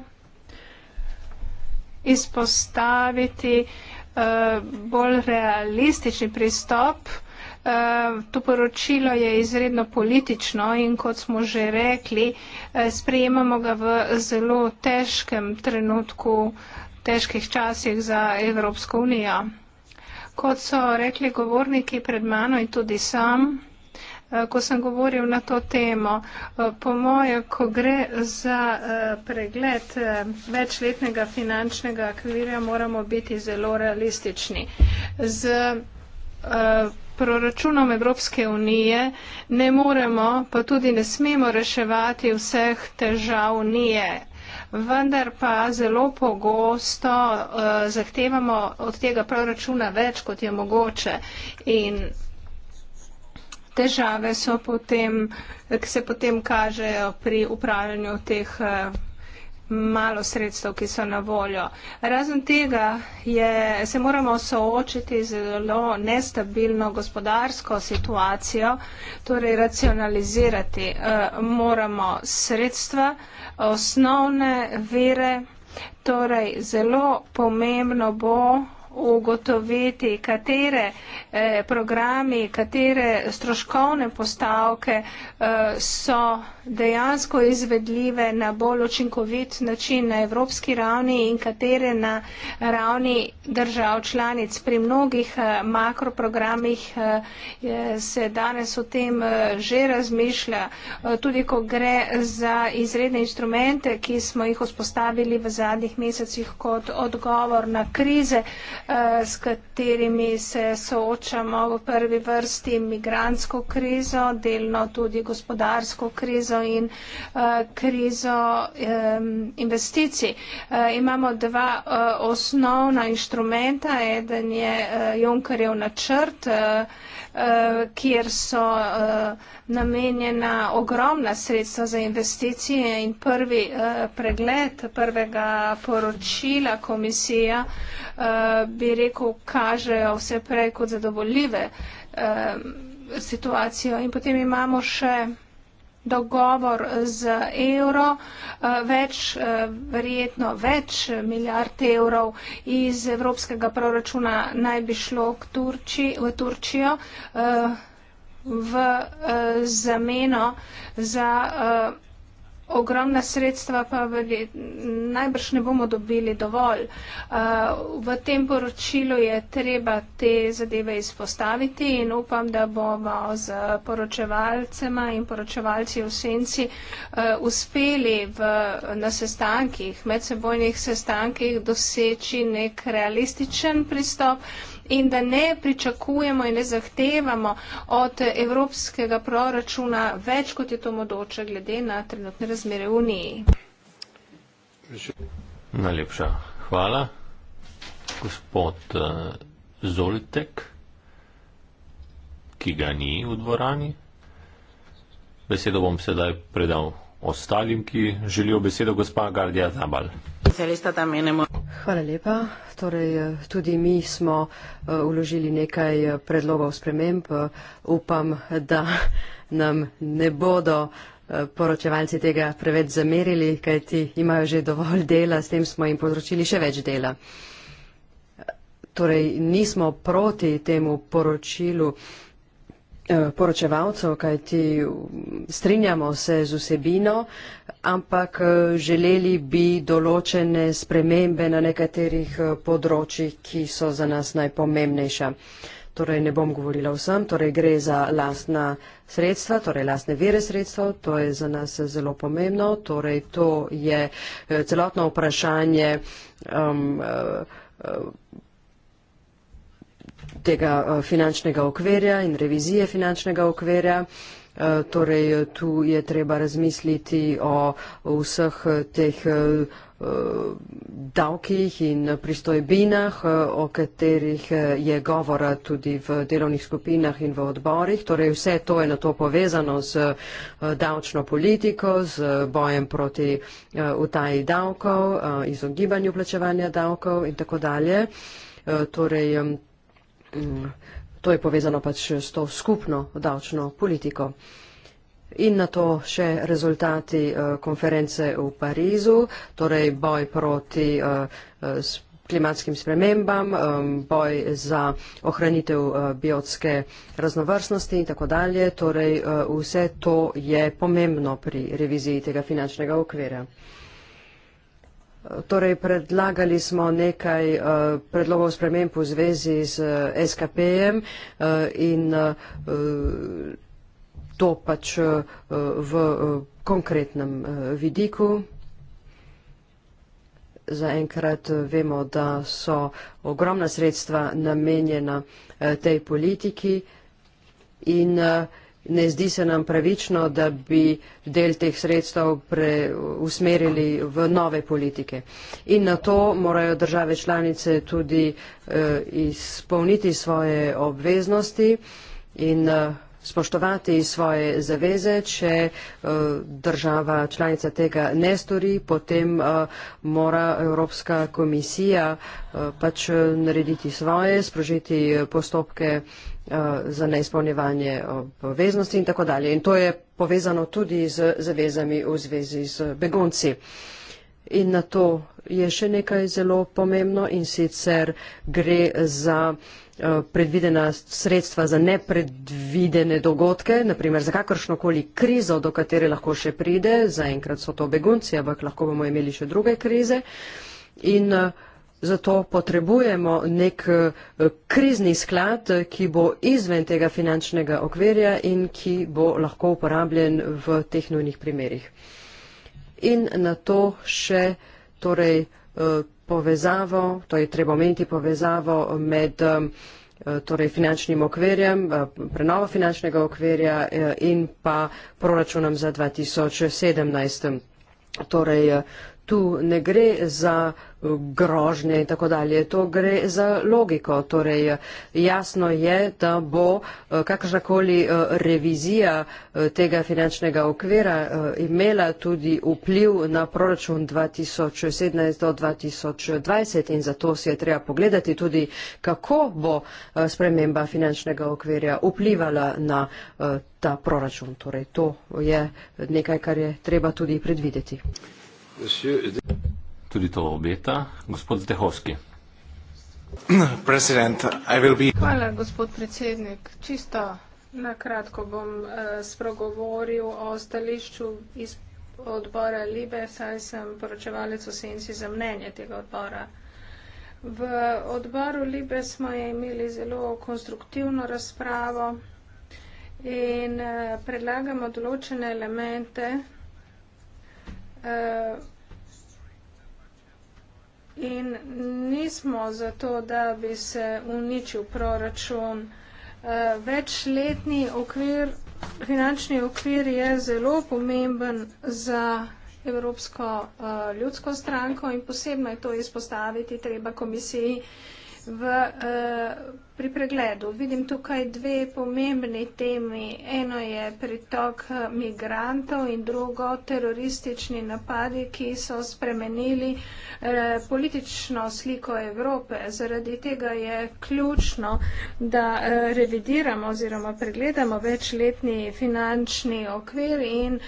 izpostaviti uh, bolj realistični pristop. Uh, to poročilo je izredno politično in kot smo že rekli, eh, sprejemamo ga v zelo težkem trenutku, težkih časih za Evropsko unijo. Kot so rekli govorniki pred mano in tudi sam, Eh, ko sem govoril na to temo. Eh, po moje, ko gre za eh, pregled večletnega finančnega akvirja, moramo biti zelo realistični. Z proračunom Evropske unije ne moremo, pa tudi ne smemo reševati vseh težav unije. Vendar pa zelo pogosto uh, zahtevamo od tega proračuna več, kot je mogoče. In težave so potem, ki se potem kažejo pri upravljanju teh eh, malo sredstev, ki so na voljo. Razen tega je, se moramo soočiti z zelo nestabilno gospodarsko situacijo, torej racionalizirati e, moramo sredstva, osnovne vere, torej zelo pomembno bo ugotoviti, katere eh, programi, katere stroškovne postavke eh, so dejansko izvedljive na bolj učinkovit način na evropski ravni in katere na ravni držav članic. Pri mnogih eh, makroprogramih eh, se danes o tem eh, že razmišlja, eh, tudi ko gre za izredne instrumente, ki smo jih vzpostavili v zadnjih mesecih kot odgovor na krize. Eh, s katerimi se soočamo v prvi vrsti migransko krizo, delno tudi gospodarsko krizo in eh, krizo investicij. Eh, imamo dva osnovna inštrumenta, eden je Junkerjev načrt, kjer so namenjena ogromna sredstva za investicije in prvi pregled prvega poročila komisija Eh, bi rekel, kažejo vse prej kot zadovoljive eh, situacijo. In potem imamo še dogovor z evro, eh, več, verjetno več milijard evrov iz evropskega proračuna naj bi šlo k Turči, v Turčijo v zameno za ogromna sredstva pa veli, najbrž ne bomo dobili dovolj. Uh, v tem poročilu je treba te zadeve izpostaviti in upam, da bomo z poročevalcema in poročevalci v senci uh, uspeli v, na sestankih, medsebojnih sestankih doseči nek realističen pristop in da ne pričakujemo in ne zahtevamo od evropskega proračuna več, kot je to mogoče, glede na trenutne razmere v Uniji. Najlepša hvala. Gospod eh, Zoltek, ki ga ni v dvorani. Besedo bom sedaj predal ostalim, ki želijo besedo, gospa Gardija Zabal. Hvala lepa. Torej, tudi mi smo uložili eh, nekaj eh, predlogov sprememb. Eh, upam, da nam ne bodo poročevalci tega preveč zamerili, kajti imajo že dovolj dela, s tem smo jim povzročili še več dela. Torej, nismo proti temu poročilu. Eh, poročevalcev, kajti mm, strinjamo se z vsebino, ampak eh, želeli bi določene spremembe na nekaterih eh, področjih, ki so za nas najpomembnejša. Torej, ne bom govorila vsem, torej gre za lastna sredstva, torej lastne vire sredstva, to je za nas zelo pomembno, torej to je celotno vprašanje um, tega eh, finančnega okverja in revizije finančnega okverja. Eh, torej, tu je treba razmisliti o vseh teh eh, davkih in pristojbinah, o katerih je govora tudi v delovnih skupinah in v odborih. Torej, vse to je na to povezano z davčno politiko, z bojem proti utaji davkov, izogibanju plačevanja davkov in tako dalje. Torej, Mm, to je povezano pač s to skupno davčno politiko. In na to še rezultati eh, konference v Parizu, torej boj proti eh, eh, klimatskim spremembam, boj za ohranitev biotske raznovrstnosti in tako dalje. Torej vse to je pomembno pri reviziji tega finančnega okvira. Torej, predlagali smo nekaj uh, predlogov sprememb v zvezi z uh, eh, SKP-jem uh, eh, in uh, to pač uh, v uh, konkretnem uh, vidiku. Zaenkrat vemo, da so ogromna sredstva namenjena uh, tej politiki in uh, Ne zdi se nam pravično, da bi del teh sredstev usmerili v nove politike. In na to morajo države članice tudi uh, izpolniti svoje obveznosti in uh, spoštovati svoje zaveze. Če eh, država članica tega ne stori, potem eh, mora Evropska komisija eh, pač narediti svoje, sprožiti postopke za neizpolnjevanje obveznosti in tako dalje. In to je povezano tudi z zavezami v zvezi z begunci. In na to je še nekaj zelo pomembno in sicer gre za Eh, predvidena sredstva za nepredvidene dogodke, naprimer za kakršnokoli krizo, do katere lahko še pride, zaenkrat so to begunci, ampak lahko bomo imeli še druge krize. In eh, zato potrebujemo nek eh, krizni sklad, ki bo izven tega finančnega okvirja in ki bo lahko uporabljen v teh nujnih primerih. In na to še torej povezavo, to je treba omeniti povezavo med um, eh, torej finančnim okverjem, eh, prenovo finančnega okverja eh, in pa proračunom za 2017. Torej, tu ne gre za grožnje in tako dalje, to gre za logiko. Torej, jasno je, da bo eh, kakršnakoli eh, revizija eh, tega finančnega okvira imela tudi vpliv na proračun 2017 do 2020 in zato si je treba pogledati tudi, kako bo sprememba finančnega okvirja vplivala na ta proračun. Torej, to je nekaj, kar je treba tudi predvideti. Tudi to obeta. Gospod Zdehovski. Hvala, gospod predsednik. Čisto nakratko bom eh, spregovoril o stališču iz odbora Libe, saj sem poročevalec v senci za mnenje tega odbora. V odboru Libe smo imeli zelo konstruktivno razpravo in eh, predlagamo določene elemente Eh, in nismo zato, da bi se uničil proračun. Eh, večletni okvir, finančni okvir je zelo pomemben za Evropsko eh, ljudsko stranko in posebno je to izpostaviti treba komisiji v pri pregledu. Vidim tukaj dve pomembni temi. Eno je pritok eh, migrantov in drugo teroristični napadi, ki so spremenili eh, politično sliko Evrope. Zaradi tega je ključno, da eh, revidiramo oziroma pregledamo večletni finančni okvir in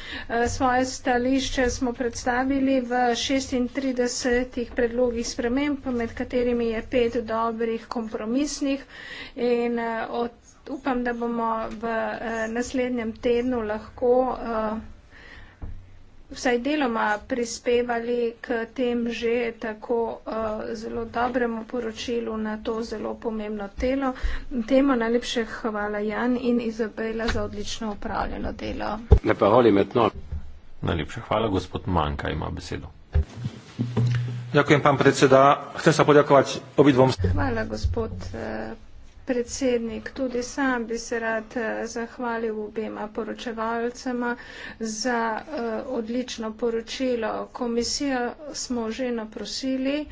svoje stališče smo predstavili v 36 predlogih sprememb, med katerimi je pet dobrih kompromisnih. In uh, od, upam, da bomo v uh, naslednjem tednu lahko uh, vsaj deloma prispevali k tem že tako uh, zelo dobremu poročilu na to zelo pomembno telo. temo. Najlepše hvala Jan in Izabela za odlično upravljeno delo. Najlepša hvala, gospod Manka ima besedo. Zahvaljujem, pan predseda. Hvala, gospod. Uh, predsednik, tudi sam bi se rad eh, zahvalil obema poročevalcema za eh, odlično poročilo. Komisijo smo že naprosili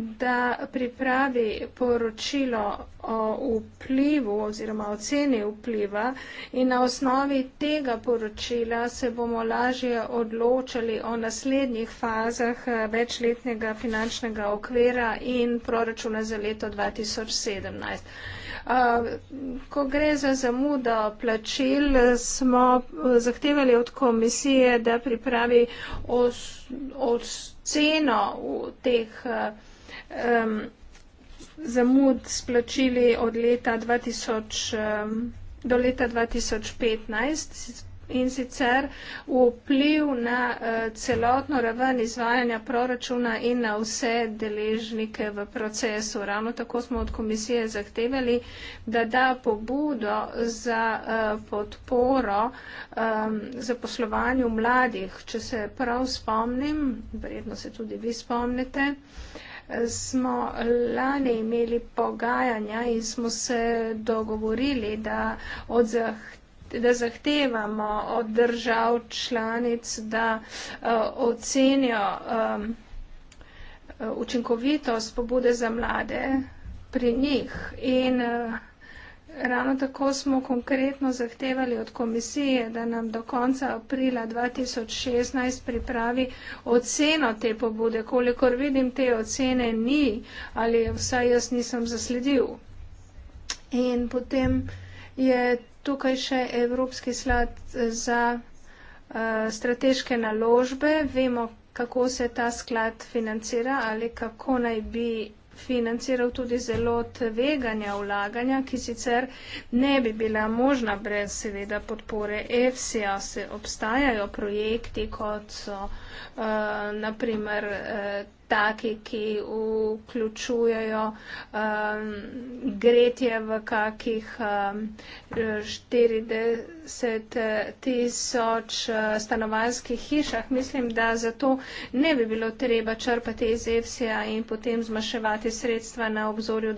da pripravi poročilo o vplivu oziroma oceni vpliva in na osnovi tega poročila se bomo lažje odločali o naslednjih fazah eh, večletnega finančnega okvira in proračuna za leto 2017. Eh, ko gre za zamudo plačil, smo eh, zahtevali od komisije, da pripravi oceno teh um, zamud splačili od leta 2000, um, do leta 2015 in sicer vpliv na uh, celotno raven izvajanja proračuna in na vse deležnike v procesu. Ravno tako smo od komisije zahtevali, da da pobudo za uh, podporo um, za poslovanju mladih. Če se prav spomnim, verjetno se tudi vi spomnite, uh, smo lani imeli pogajanja in smo se dogovorili, da od zahtev da zahtevamo od držav članic, da uh, ocenijo um, učinkovitost pobude za mlade pri njih in uh, Ravno tako smo konkretno zahtevali od komisije, da nam do konca aprila 2016 pripravi oceno te pobude. Kolikor vidim, te ocene ni ali vsaj jaz nisem zasledil. In potem je tukaj še Evropski slad za uh, strateške naložbe. Vemo, kako se ta sklad financira ali kako naj bi financiral tudi zelo tveganja vlaganja, ki sicer ne bi bila možna brez seveda podpore EFSI-ja. Se obstajajo projekti, kot so uh, eh, naprimer uh, eh, taki, ki vključujejo um, gretje v kakih um, 40 eh, tisoč eh, stanovanskih hišah. Mislim, da zato ne bi bilo treba črpati iz EFSI-ja in potem zmaševati sredstva na obzorju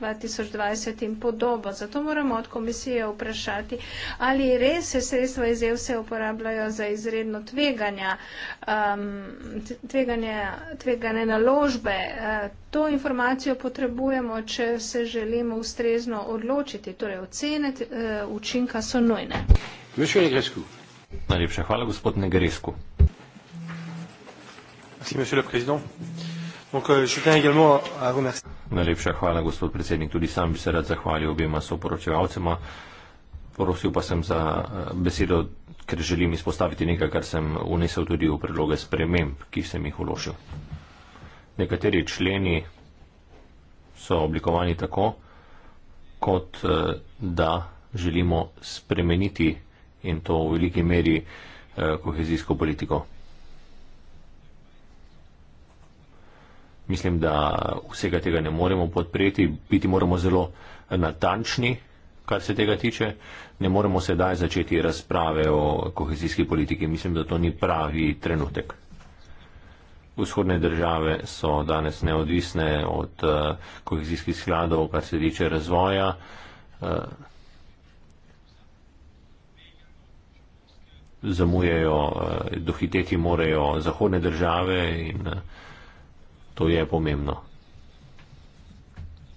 2020 in podobo. Zato moramo od komisije vprašati, ali res se sredstva iz EFSI-ja uporabljajo za izredno tveganja. Um, tveganja tvega tvegane naložbe. Eh, to informacijo potrebujemo, če se želimo ustrezno odločiti, torej oceniti, eh, učinka so nujne. Najlepša hvala, gospod Negresku. Euh, Najlepša hvala, gospod predsednik. Tudi sam bi se rad zahvalil objema soporočevalcema. Prosil pa sem za eh, besedo, ker želim izpostaviti nekaj, kar sem unesel tudi v predloge sprememb, ki sem jih uložil nekateri členi so oblikovani tako, kot eh, da želimo spremeniti in to v veliki meri eh, kohezijsko politiko. Mislim, da vsega tega ne moremo podpreti, biti moramo zelo natančni, kar se tega tiče. Ne moremo sedaj začeti razprave o kohezijski politiki. Mislim, da to ni pravi trenutek. Vzhodne države so danes neodvisne od uh, kohezijskih skladov, kar se tiče razvoja. Uh, eh, zamujejo, uh, eh, dohiteti morajo zahodne države in uh, to je pomembno.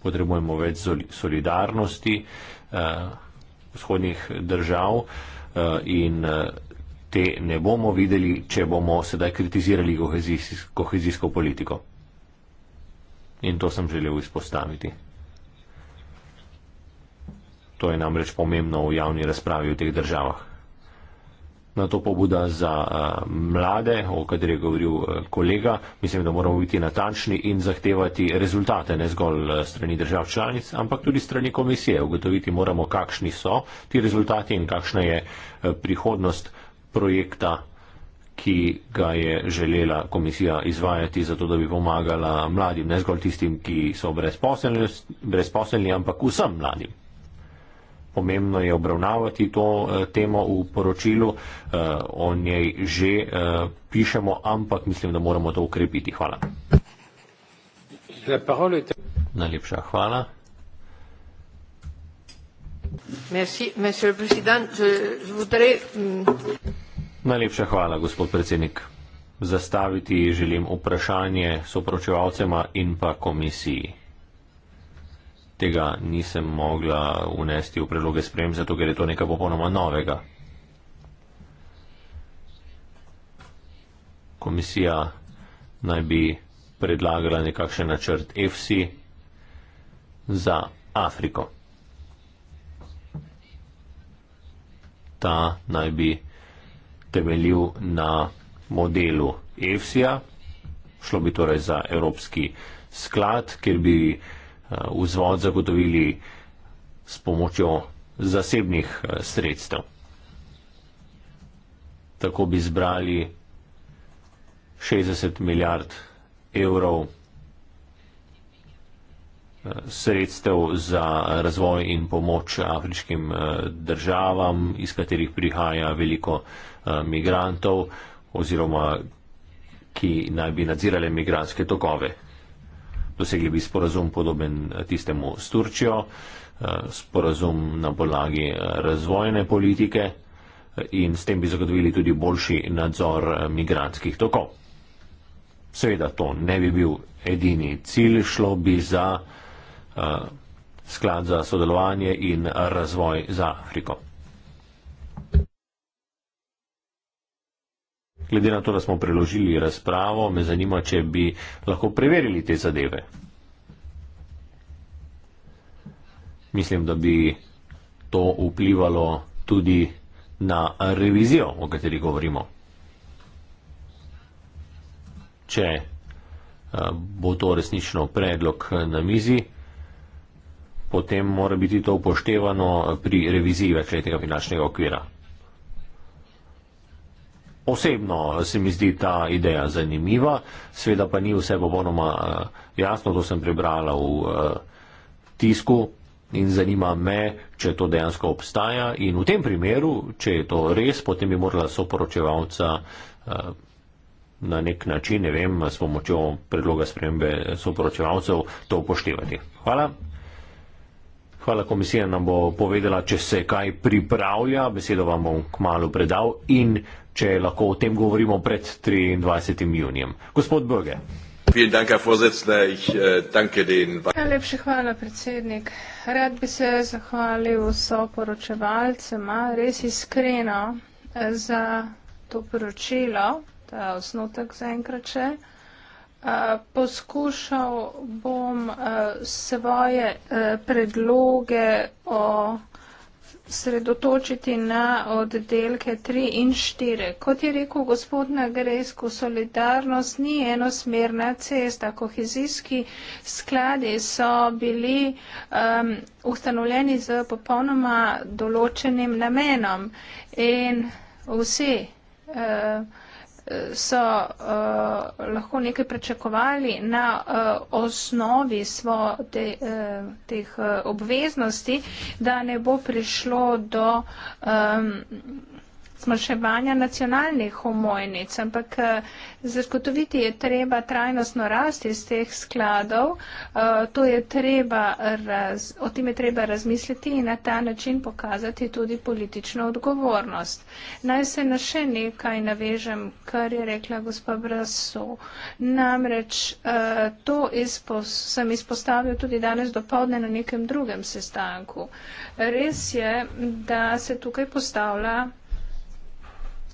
Potrebujemo več solidarnosti uh, vzhodnih držav uh, in. Uh, te ne bomo videli, če bomo sedaj kritizirali kohezijsko, kohezijsko politiko. In to sem želel izpostaviti. To je namreč pomembno v javni razpravi v teh državah. Na to pobuda za uh, mlade, o kateri je govoril uh, kolega, mislim, da moramo biti natančni in zahtevati rezultate ne zgolj uh, strani držav članic, ampak tudi strani komisije. Ugotoviti moramo, kakšni so ti rezultati in kakšna je uh, prihodnost uh, projekta, ki ga je želela komisija izvajati, zato da bi pomagala mladim, ne zgolj tistim, ki so brezposelni, brezposelni ampak vsem mladim. Pomembno je obravnavati to eh, temo v poročilu, eh, o njej že eh, pišemo, ampak mislim, da moramo to ukrepiti. Hvala. Najlepša hvala. Merci, monsieur le président. Je, je voudrais... Hmm, Najlepša hvala, gospod predsednik. Zastaviti želim vprašanje soproševalcema in pa komisiji. Tega nisem mogla unesti v predloge sprem, zato ker je to nekaj popolnoma novega. Komisija naj bi predlagala nekakšen načrt EFSI za Afriko. ta naj bi temeljil na modelu EFSI-ja. Šlo bi torej za Evropski sklad, kjer bi eh, vzvod zagotovili s pomočjo zasebnih eh, sredstev. Tako bi zbrali 60 milijard evrov sredstev za razvoj in pomoč afriškim eh, državam, iz katerih prihaja veliko eh, migrantov oziroma ki naj bi nadzirale migranske tokove. Dosegli bi sporazum podoben eh, tistemu s Turčijo, sporazum na podlagi razvojne politike in s tem bi zagotovili tudi boljši nadzor migranskih tokov. Seveda to ne bi bil edini cilj, šlo bi za Eh, sklad za sodelovanje in razvoj za Afriko. Glede na to, da smo preložili razpravo, me zanima, če bi lahko preverili te zadeve. Mislim, da bi to vplivalo tudi na revizijo, o kateri govorimo. Če eh, bo to resnično predlog eh, na mizi, potem mora biti to upoštevano pri reviziji večletnega finančnega okvira. Osebno se mi zdi ta ideja zanimiva, sveda pa ni vse popolnoma eh, jasno, to sem prebrala v eh, tisku in zanima me, če to dejansko obstaja in v tem primeru, če je to res, potem bi morala soporočevalca eh, na nek način, ne vem, s pomočjo predloga spremembe soporočevalcev to upoštevati. Hvala. Hvala, komisija nam bo povedala, če se kaj pripravlja. Besedo vam bom k malu predal in če lahko o tem govorimo pred 23. junijem. Gospod Böge. Najlepše äh, ja, hvala, predsednik. Rad bi se zahvalil vso poročevalcema, res iskreno, eh, za to poročilo, ta osnotek zaenkrat še. Poskušal bom svoje predloge o sredotočiti na oddelke 3 in 4. Kot je rekel gospod Nagresko, solidarnost ni enosmerna cesta. Kohezijski skladi so bili um, ustanovljeni z popolnoma določenim namenom in vsi uh, so uh, lahko nekaj prečakovali na uh, osnovi svo, te, uh, teh uh, obveznosti, da ne bo prišlo do um, zmanjševanja nacionalnih omojnic, ampak eh, zagotoviti je treba trajnostno rast iz teh skladov, eh, to je treba, o tem je treba razmisliti in na ta način pokazati tudi politično odgovornost. Naj se na še nekaj navežem, kar je rekla gospa Brasu. Namreč eh, to izpo, sem izpostavil tudi danes dopoldne na nekem drugem sestanku. Res je, da se tukaj postavlja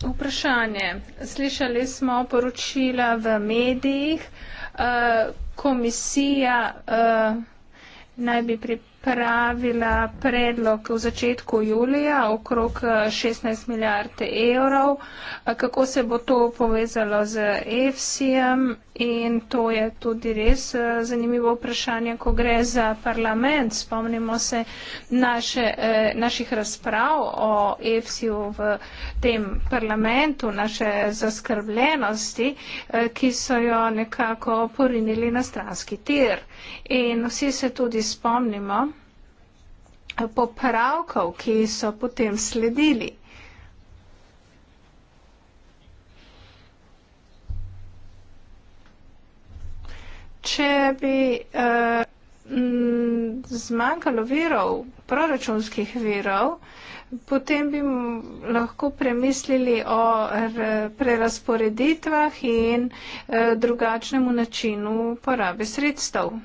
Vprašanje. Slišali smo poročila v medijih. Eh, komisija eh, naj bi pripravila pripravila predlog v začetku julija okrog 16 eh, milijard evrov. Eh, kako se bo to povezalo z EFSI-em in to je tudi res eh, zanimivo vprašanje, ko gre za parlament. Spomnimo se naše, naših razprav o EFSI-u v tem parlamentu, naše zaskrbljenosti, ki so jo nekako porinili na stranski tir. In vsi se tudi spomnimo popravkov, ki so potem sledili. Če bi eh, zmanjkalo virov, proračunskih virov, potem bi lahko premislili o prerasporeditvah in eh, drugačnemu načinu porabe sredstev.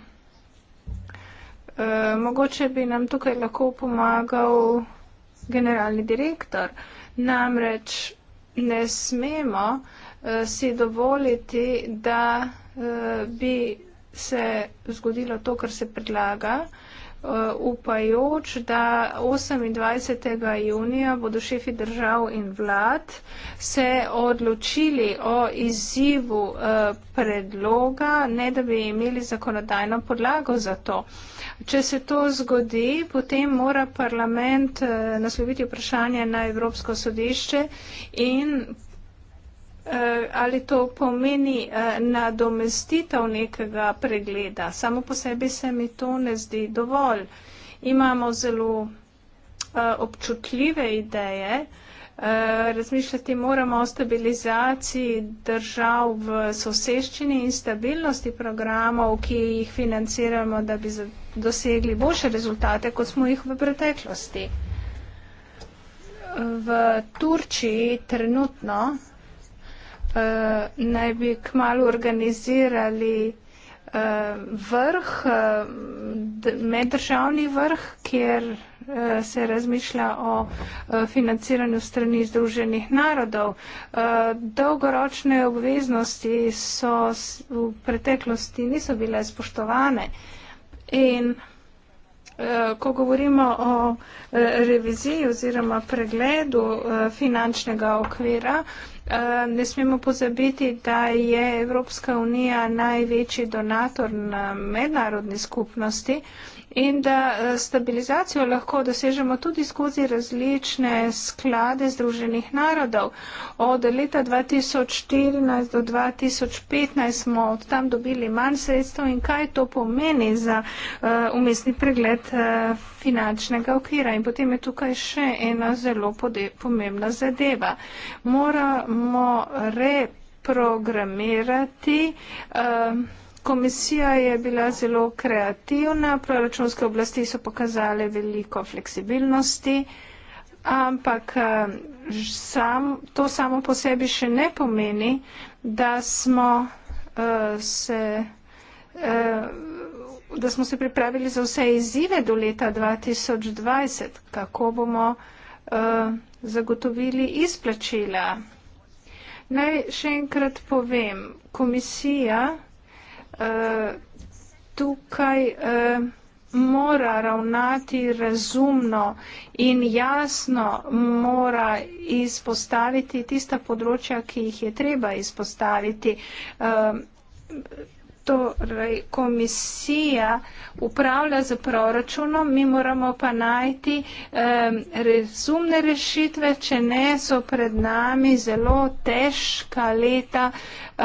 Eh, mogoče bi nam tukaj lahko pomagal generalni direktor. Namreč ne smemo uh, si dovoliti, da uh, bi se zgodilo to, kar se predlaga, uh, upajoč, da 28. junija bodo šefi držav in vlad se odločili o izzivu uh, predloga, ne da bi imeli zakonodajno podlago za to. Uh, Če se to zgodi, potem mora parlament eh, nasloviti vprašanje na Evropsko sodišče in eh, ali to pomeni eh, nadomestitev nekega pregleda. Samo po sebi se mi to ne zdi dovolj. Imamo zelo občutljive ideje, Eh, razmišljati moramo o stabilizaciji držav v soseščini in stabilnosti programov, ki jih financiramo, da bi dosegli boljše rezultate, kot smo jih v preteklosti. V Turčiji trenutno uh, naj bi kmalo organizirali vrh, eh, meddržavni vrh, kjer eh, se razmišlja o eh, financiranju strani Združenih narodov. Dolgoročne obveznosti so v preteklosti niso bile spoštovane in ko govorimo o reviziji oziroma pregledu finančnega okvira, Eh, ne smemo pozabiti, da je Evropska unija največji donator na mednarodni skupnosti. Uh, in da eh, stabilizacijo lahko dosežemo tudi skozi različne sklade Združenih narodov. Od leta 2014 do 2015 smo od tam dobili manj sredstev in kaj to pomeni za eh, umestni pregled eh, finančnega okvira. In potem je tukaj še ena zelo pomembna zadeva. Moramo reprogramirati uh, komisija je bila zelo kreativna, proračunske oblasti so pokazali veliko fleksibilnosti, ampak eh, sam, to samo po sebi še ne pomeni, da smo, uh, se, uh, da smo se pripravili za vse izzive do leta 2020, kako bomo uh, zagotovili izplačila. Naj še enkrat povem, komisija tukaj eh, mora ravnati razumno in jasno mora izpostaviti tista področja, ki jih je treba izpostaviti. Eh, torej komisija upravlja z proračunom, mi moramo pa najti eh, razumne rešitve, če ne so pred nami zelo težka leta eh,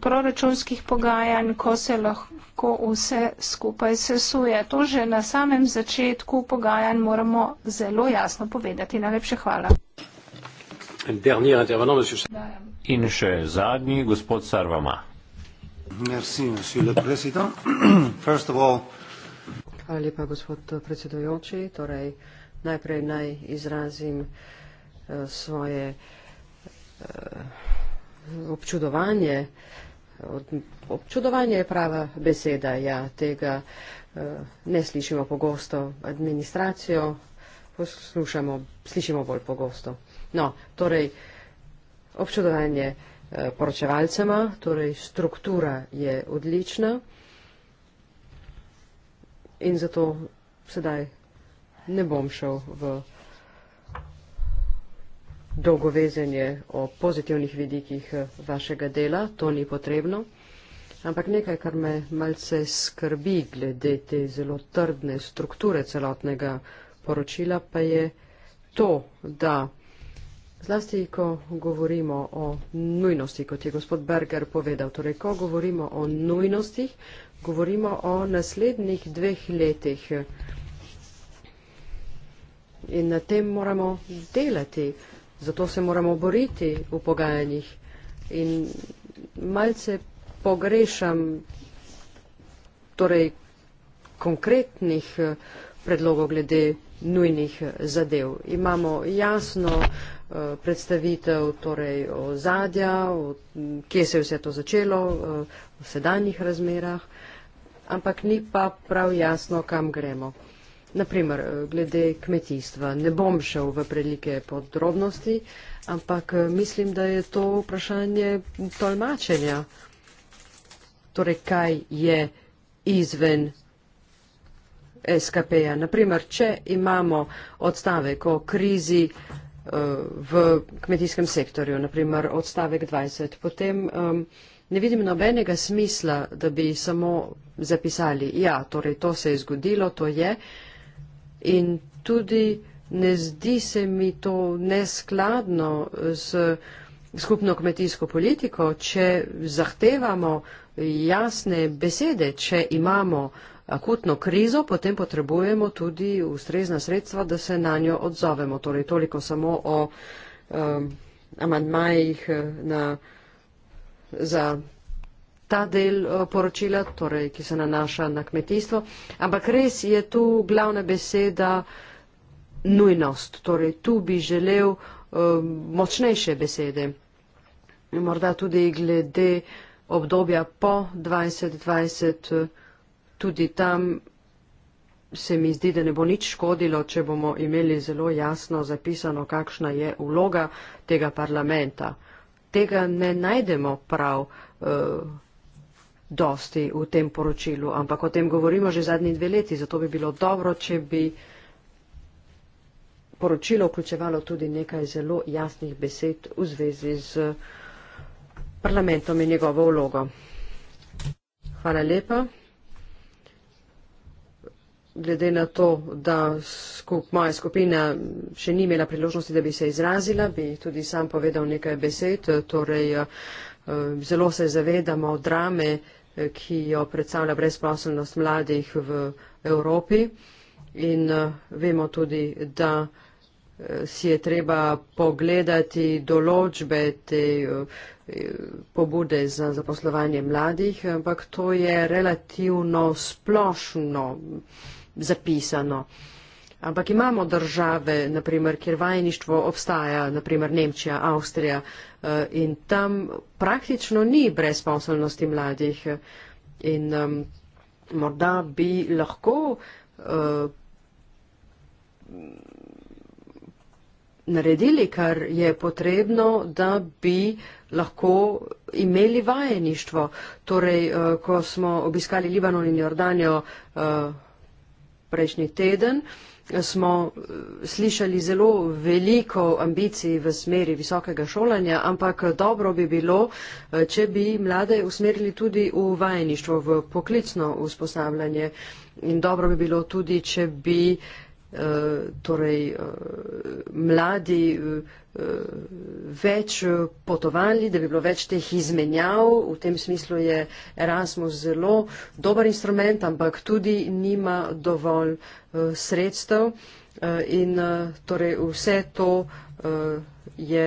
proračunskih pogajanj, ko se lahko vse skupaj sesuje. To že na samem začetku pogajanj moramo zelo jasno povedati. Najlepše hvala. In še zadnji, gospod Sarvama. Hvala lepa, gospod predsedujoči. Torej, najprej naj izrazim eh, svoje eh, občudovanje. Občudovanje je prava beseda, ja, tega eh, ne slišimo pogosto. Administracijo poslušamo, slišimo bolj pogosto. No, torej, občudovanje. Eh, poročevalcema, torej struktura je odlična in zato sedaj ne bom šel v dolgovezenje o pozitivnih vidikih eh, vašega dela, to ni potrebno, ampak nekaj, kar me malce skrbi glede te zelo trdne strukture celotnega poročila, pa je to, da Zlasti, ko govorimo o nujnosti, kot je gospod Berger povedal, torej, ko govorimo o nujnostih, govorimo o naslednjih dveh letih. In na tem moramo delati, zato se moramo boriti v pogajanjih. In malce pogrešam torej, konkretnih eh, predlogov glede nujnih eh, zadev. Imamo jasno eh, predstavitev torej o zadja, o, kje se je vse to začelo, eh, v sedanjih razmerah, ampak ni pa prav jasno, kam gremo. Naprimer, glede kmetijstva. Ne bom šel v prelike podrobnosti, ampak mislim, da je to vprašanje tolmačenja. Torej, kaj je izven SKP-ja. Naprimer, če imamo odstavek o krizi eh, v kmetijskem sektorju, naprimer odstavek 20, potem um, ne vidim nobenega smisla, da bi samo zapisali, ja, torej to se je zgodilo, to je in tudi ne zdi se mi to neskladno z skupno kmetijsko politiko, če zahtevamo jasne besede, če imamo uh, akutno krizo, potem potrebujemo tudi ustrezna sredstva, da se na njo odzovemo. Torej, toliko samo o um, amandmajih eh, na, za ta del eh, poročila, torej, ki se nanaša na kmetijstvo. Ampak res je tu glavna beseda nujnost. Torej, tu bi želel um, močnejše besede. Morda tudi glede obdobja po 2020 tudi tam se mi zdi, da ne bo nič škodilo, če bomo imeli zelo jasno zapisano, kakšna je vloga tega parlamenta. Tega ne najdemo prav uh, dosti v tem poročilu, ampak o tem govorimo že zadnji dve leti, zato bi bilo dobro, če bi poročilo vključevalo tudi nekaj zelo jasnih besed v zvezi z parlamentom in njegovo vlogo. Hvala lepa glede na to, da skup, moja skupina še ni imela priložnosti, da bi se izrazila, bi tudi sam povedal nekaj besed. Torej, eh, zelo se zavedamo drame, eh, ki jo predstavlja brezposobnost mladih v Evropi in eh, vemo tudi, da si je treba pogledati določbe te pobude za zaposlovanje mladih, ampak to je relativno splošno zapisano. Ampak imamo države, naprimer, kjer vajeništvo obstaja, naprimer Nemčija, Avstrija eh, in tam praktično ni brezposobnosti mladih. In um, morda bi lahko uh, naredili, kar je potrebno, da bi lahko imeli vajeništvo. Torej, uh, ko smo obiskali Libanon in Jordanijo, uh, prejšnji teden smo eh, slišali zelo veliko ambicij v smeri visokega šolanja, ampak dobro bi bilo, eh, če bi mlade usmerili tudi v vajeništvo, v poklicno usposabljanje. In dobro bi bilo tudi, če bi uh, torej eh, mladi eh, več potovali, da bi bilo več teh izmenjav. V tem smislu je Erasmus zelo dober instrument, ampak tudi nima dovolj eh, sredstev. In torej vse to je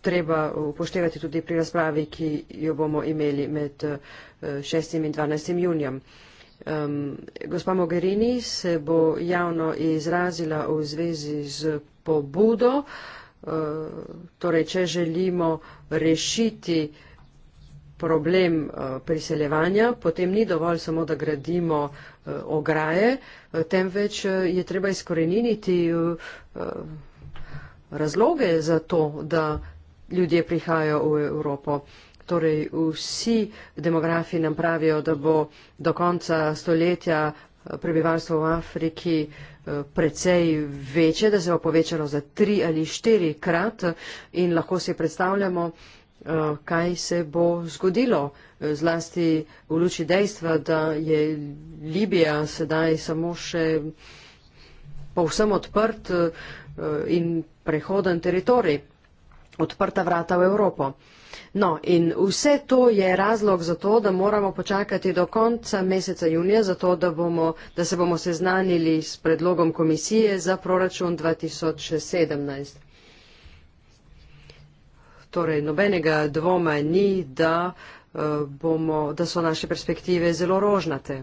treba upoštevati tudi pri razpravi, ki jo bomo imeli med 6. in 12. junijem. Um, gospa Mogherini se bo javno izrazila v zvezi z pobudo, uh, torej če želimo rešiti problem eh, priseljevanja, potem ni dovolj samo, da gradimo eh, ograje, temveč je treba izkoreniniti razloge za to, da ljudje prihajajo v Evropo. Torej, vsi demografi nam pravijo, da bo do konca stoletja eh, prebivalstvo v Afriki eh, precej večje, da se bo povečalo za tri ali štiri krat in lahko si predstavljamo, eh, kaj se bo zgodilo zlasti v luči dejstva, da je Libija sedaj samo še povsem odprt in prehoden teritorij odprta vrata v Evropo. No, in vse to je razlog za to, da moramo počakati do konca meseca junija, zato da, bomo, da se bomo seznanili s predlogom komisije za proračun 2017. Torej, nobenega dvoma ni, da, eh, bomo, da so naše perspektive zelo rožnate.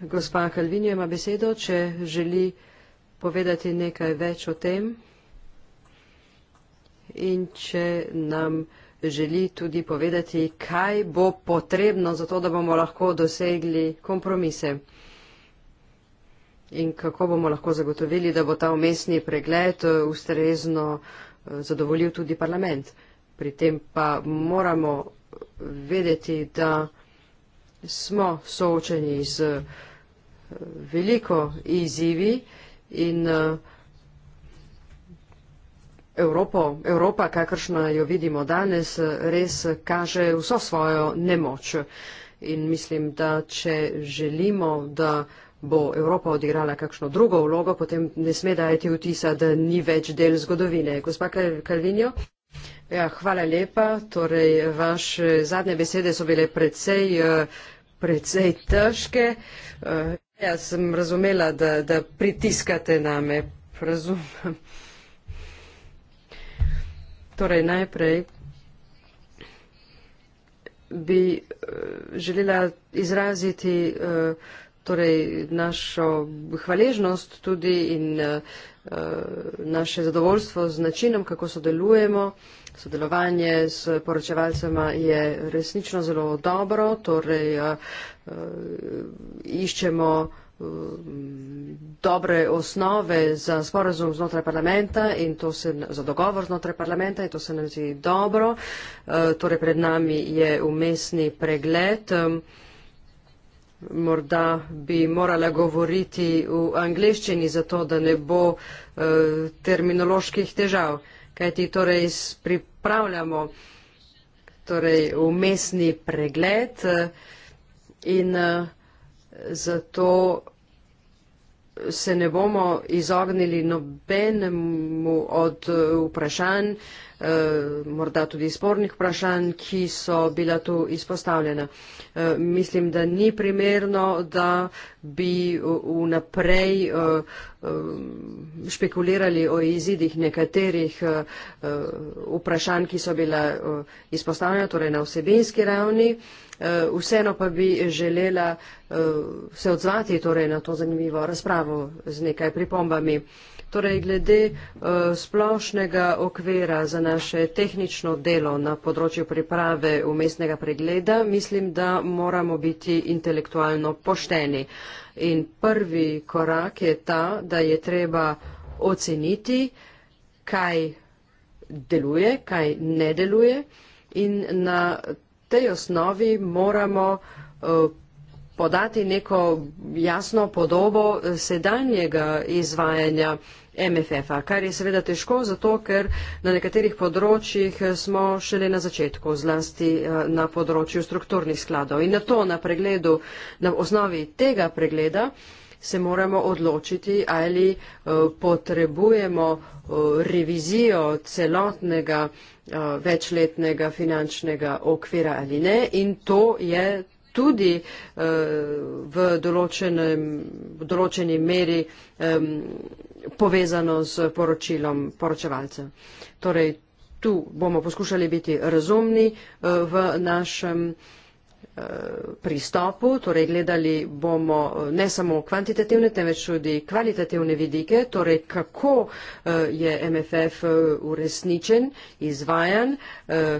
Gospa Kalvinjo ima besedo, če želi povedati nekaj več o tem in če nam želi tudi povedati, kaj bo potrebno za to, da bomo lahko dosegli kompromise in kako bomo lahko zagotovili, da bo ta umestni pregled eh, ustrezno eh, zadovoljil tudi parlament. Pri tem pa moramo vedeti, da smo soočeni z eh, veliko izzivi in uh, Evropo, Evropa, kakršna jo vidimo danes, res kaže vso svojo nemoč. In mislim, da če želimo, da bo Evropa odigrala kakšno drugo vlogo, potem ne sme dajati vtisa, da ni več del zgodovine. Gospa Kalvinjo. Ja, hvala lepa. Torej, vaše zadnje besede so bile precej, precej težke. Ja, sem razumela, da, da pritiskate name. Razumem. Torej, najprej bi eh, želela izraziti eh, torej, našo hvaležnost tudi in eh, naše zadovoljstvo z načinom, kako sodelujemo. Sodelovanje s poročevalcema je resnično zelo dobro, torej iščemo dobre osnove za sporazum znotraj parlamenta in to se, za dogovor znotraj parlamenta in to se nam zdi dobro. E, torej pred nami je umestni pregled. E, morda bi morala govoriti v angleščini, zato da ne bo e, terminoloških težav, kajti torej pripravljamo torej umestni pregled in zato se ne bomo izognili nobenemu od vprašanj, Eh, morda tudi spornih vprašanj, ki so bila tu izpostavljena. Eh, mislim, da ni primerno, da bi vnaprej eh, špekulirali o izidih nekaterih vprašanj, ki so bila izpostavljena, torej na vsebinski ravni. Vseeno pa bi želela se odzvati torej, na to zanimivo razpravo z nekaj pripombami. Torej, glede splošnega okvira za naše tehnično delo na področju priprave umestnega pregleda, mislim, da moramo biti intelektualno pošteni. In prvi korak je ta, da je treba oceniti, kaj deluje, kaj ne deluje in na tej osnovi moramo eh, podati neko jasno podobo eh, sedanjega izvajanja MFF-a, kar je seveda težko, zato ker na nekaterih področjih smo šele na začetku, zlasti eh, na področju strukturnih skladov. In na to, na pregledu, na osnovi tega pregleda se moramo odločiti, ali eh, potrebujemo eh, revizijo celotnega večletnega finančnega okvira ali ne. In to je tudi v določenem, določeni meri. Um, povezano z poročilom poročevalca. Torej, tu bomo poskušali biti razumni eh, v našem eh, pristopu, torej gledali bomo eh, ne samo kvantitativne, temveč tudi kvalitativne vidike, torej kako je MFF uresničen, izvajan,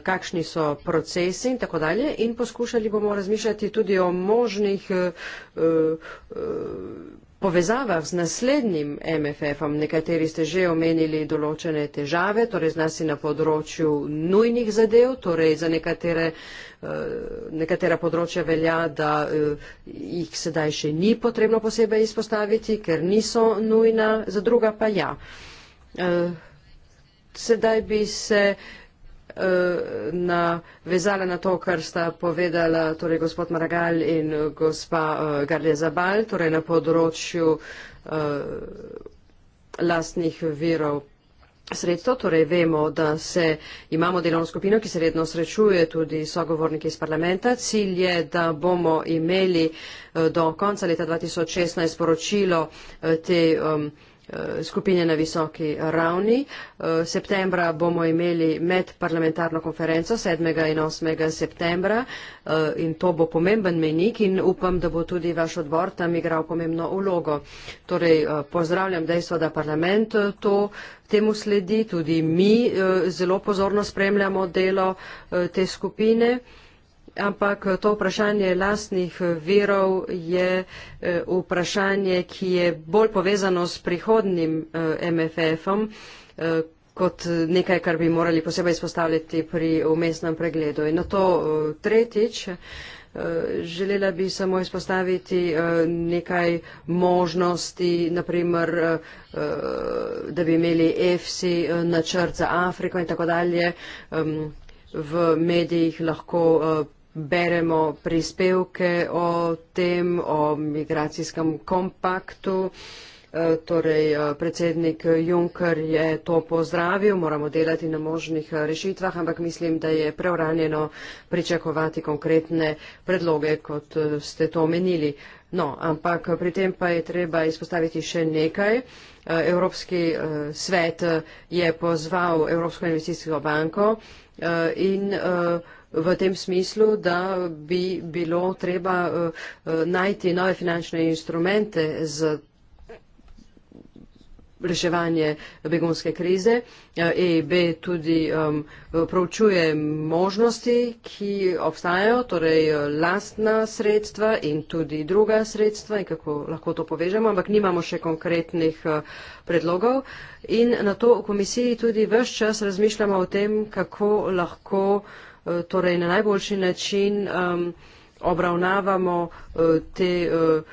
kakšni so procesi in tako dalje in poskušali bomo razmišljati tudi o možnih povezavah z naslednjim MFF-om, nekateri ste že omenili določene težave, torej znasi na področju nujnih zadev, torej za nekatere, eh, nekatera področja velja, da eh, jih sedaj še ni potrebno posebej izpostaviti, ker niso nujna, za druga pa ja. Eh, sedaj bi se Eh, na, vezala na to, kar sta povedala torej gospod Maragal in eh, gospa uh, eh, Garlija Zabal, torej na področju uh, lastnih virov. Sredstvo, torej vemo, da se imamo delovno skupino, ki se redno srečuje tudi sogovorniki iz parlamenta. Cilj je, da bomo imeli do konca leta 2016 poročilo te. Um, Eh, skupine na visoki ravni. Eh, septembra bomo imeli medparlamentarno konferenco 7. in 8. septembra eh, in to bo pomemben menik in upam, da bo tudi vaš odbor tam igral pomembno ulogo. Torej, pozdravljam dejstvo, da parlament to temu sledi, tudi mi zelo pozorno spremljamo delo te skupine ampak to vprašanje lastnih verov je eh, vprašanje, ki je bolj povezano s prihodnim eh, MFF-om eh, kot nekaj, kar bi morali posebej izpostavljati pri umestnem pregledu. In na to tretjič želela bi samo izpostaviti nekaj možnosti, naprimer, da bi imeli EFSI načrt za Afriko in tako dalje. V medijih lahko beremo prispevke o tem, o migracijskem kompaktu. E, torej, e, predsednik Juncker je to pozdravil, moramo delati na možnih e, rešitvah, ampak mislim, da je preuranjeno pričakovati konkretne predloge, kot ste to omenili. No, ampak pri tem pa je treba izpostaviti še nekaj. Evropski svet je pozval Evropsko investicijsko banko in v tem smislu, da bi bilo treba eh, eh, najti nove finančne instrumente za reševanje begunske krize. EIB eh, e tudi um, pravčuje možnosti, ki obstajajo, torej lastna sredstva in tudi druga sredstva in kako lahko to povežemo, ampak nimamo še konkretnih uh, predlogov. In na to v komisiji tudi vse čas razmišljamo o tem, kako lahko uh, Eh, torej na najboljši način um, obravnavamo uh, te uh,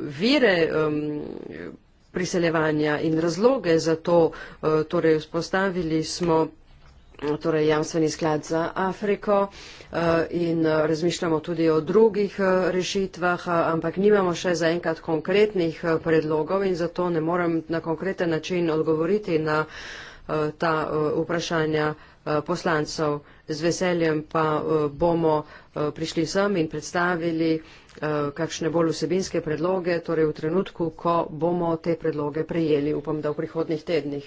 vire um, priseljevanja in razloge za to, uh, torej vzpostavili smo torej jamstveni sklad za Afriko in razmišljamo tudi o drugih rešitvah, ampak nimamo še zaenkrat konkretnih predlogov in zato ne morem na konkreten način odgovoriti na ta vprašanja. Eh, poslancev. Z veseljem pa eh, bomo eh, prišli sem in predstavili kakšne bolj vsebinske predloge, torej v trenutku, ko bomo te predloge prejeli, upam, da v prihodnih tednih.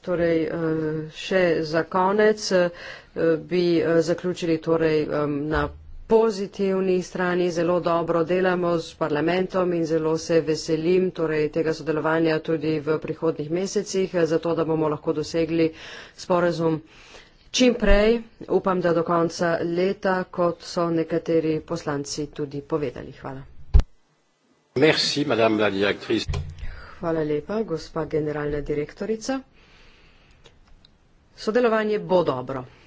Torej, še za konec bi zaključili torej na pozitivni strani zelo dobro delamo s parlamentom in zelo se veselim torej, tega sodelovanja tudi v prihodnih mesecih, zato da bomo lahko dosegli sporazum čim prej, upam, da do konca leta, kot so nekateri poslanci tudi povedali. Hvala. Merci, Hvala lepa, gospa generalna direktorica. Sodelovanje bo dobro.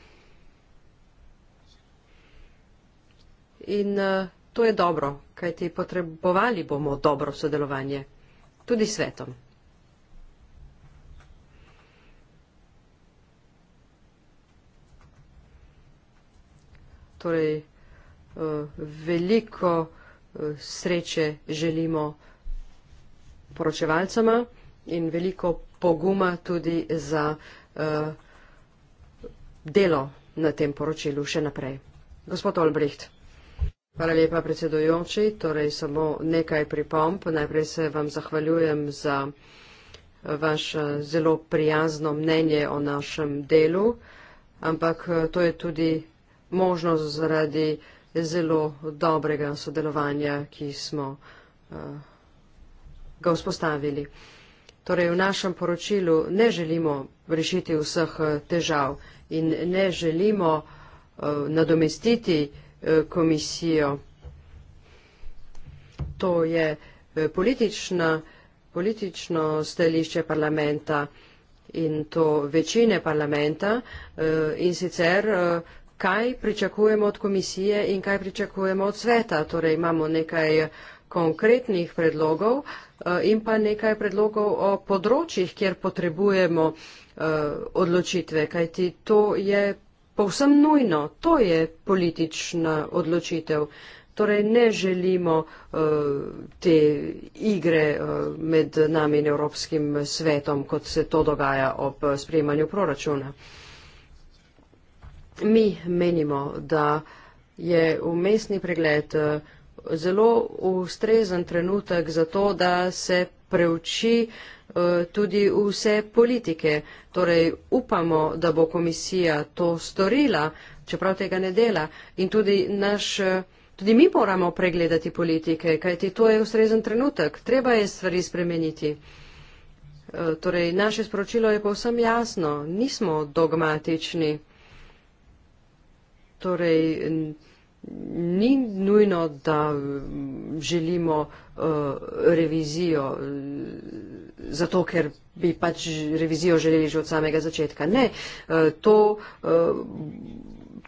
in eh, to je dobro, kajti potrebovali bomo dobro sodelovanje tudi svetom. Torej, eh, veliko eh, sreče želimo poročevalcema in veliko poguma tudi za delo na tem poročilu še naprej. Gospod Olbricht. Hvala lepa, predsedujoči. Torej, samo nekaj pripomp. Najprej se vam zahvaljujem za eh, vaš eh, zelo prijazno mnenje o našem delu, ampak eh, to je tudi možnost zaradi zelo dobrega sodelovanja, ki smo ga vzpostavili. Torej, v našem poročilu ne želimo rešiti vseh težav in ne želimo nadomestiti Eh, komisijo. To je eh, politična, politično stališče parlamenta in to večine parlamenta eh, in sicer kaj pričakujemo od komisije in kaj pričakujemo od sveta. Torej imamo nekaj konkretnih predlogov in pa nekaj predlogov o področjih, kjer potrebujemo odločitve, kajti to je povsem nujno, to je politična odločitev. Torej ne želimo uh, te igre uh, med nami in Evropskim svetom, kot se to dogaja ob uh, sprejemanju proračuna. Mi menimo, da je umestni pregled uh, zelo ustrezen trenutek za to, da se preuči uh, Eh, tudi vse politike. Torej upamo, da bo komisija to storila, čeprav tega ne dela. In tudi, naš, tudi mi moramo pregledati politike, kajti to je ustrezen trenutek. Treba je stvari spremeniti. Eh, torej, naše sporočilo je povsem jasno. Nismo dogmatični. Torej, ni nujno, da mm, želimo uh, revizijo mm, zato, ker bi pač revizijo želeli že od samega začetka. Ne, uh, to, uh,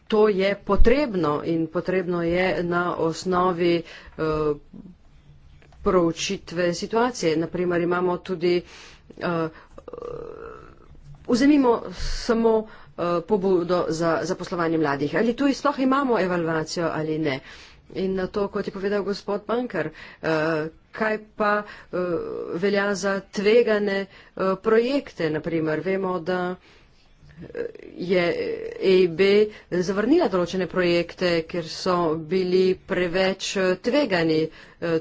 to je potrebno in potrebno je na osnovi. Uh, proučitve situacije. Naprimer, imamo tudi, uh, uh vzemimo samo uh, Eh, pobudo za zaposlovanje mladih. Ali tu izloh imamo evalvacijo ali ne? In na to, kot je povedal gospod Bankar, eh, kaj pa eh, velja za tvegane projekte, naprimer. Vemo, da je EIB zavrnila določene projekte, ker so bili preveč tvegani.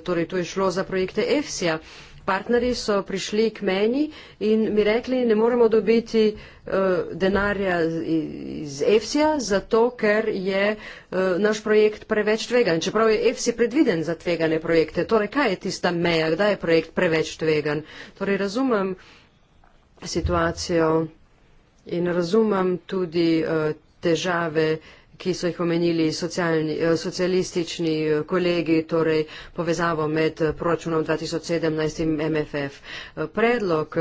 Torej, to je šlo za projekte EFSI-a partnerji so prišli k meni in mi rekli, ne moremo dobiti uh, denarja iz EFSI-ja, zato ker je uh, naš projekt preveč tvegan. Čeprav je EFSI predviden za tvegane projekte, torej kaj je tista meja, kdaj je projekt preveč tvegan. Torej razumem situacijo in razumem tudi uh, težave ki so jih omenili socialni, eh, socialistični eh, kolegi, torej povezavo med eh, proračunom 2017 in MFF. Predlog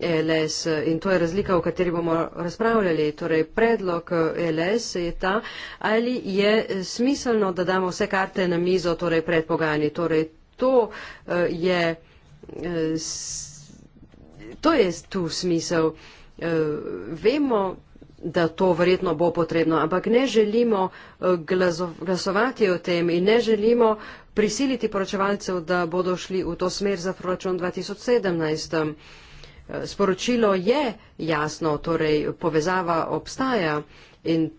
LS, in to je razlika, o kateri bomo razpravljali, torej predlog LS je ta, ali je smiselno, da damo vse karte na mizo, torej predpogani. Torej to je, to je tu smisel. Vemo, da to verjetno bo potrebno, ampak ne želimo eh, glasovati o tem in ne želimo prisiliti poročevalcev, da bodo šli v to smer za proračun 2017. Eh, sporočilo je jasno, torej povezava obstaja in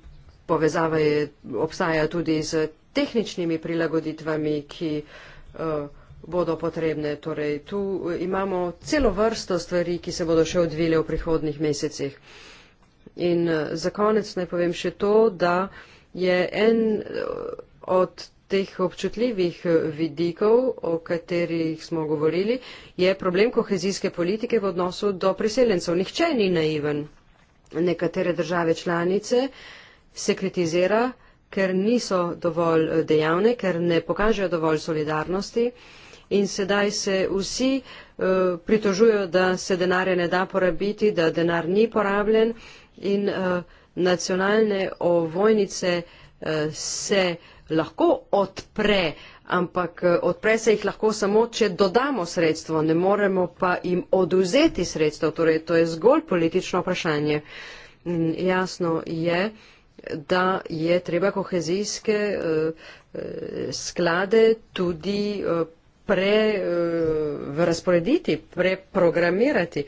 povezava je, obstaja tudi z tehničnimi prilagoditvami, ki eh, bodo potrebne. Torej, tu imamo celo vrsto stvari, ki se bodo še odvile v prihodnih mesecih. In eh, za konec naj povem še to, da je en eh, od teh občutljivih eh, vidikov, o katerih smo govorili, je problem kohezijske politike v odnosu do priseljencev. Nihče ni naiven. Nekatere države članice se kritizira, ker niso dovolj dejavne, ker ne pokažejo dovolj solidarnosti in sedaj se vsi uh, pritožujo, da se denarja ne da porabiti, da denar ni porabljen, in uh, nacionalne ovojnice uh, se lahko odpre, ampak eh, odpre se jih lahko samo, če dodamo sredstvo, ne moremo pa jim oduzeti sredstvo, torej to je zgolj politično vprašanje. In mm, jasno je, da je treba kohezijske uh, sklade tudi uh, prerazporediti, uh, preprogramirati.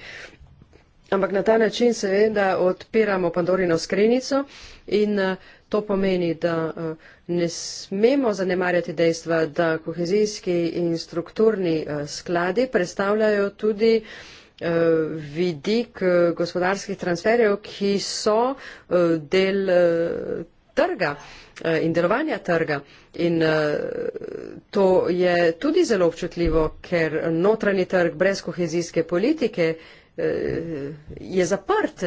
Ampak na ta način seveda odpiramo Pandorino skrinico in eh, to pomeni, da eh, ne smemo zanemarjati dejstva, da kohezijski in strukturni eh, skladi predstavljajo tudi vidik gospodarskih transferjev, ki so del trga in delovanja trga. In to je tudi zelo občutljivo, ker notranji trg brez kohezijske politike Eh, je zaprt.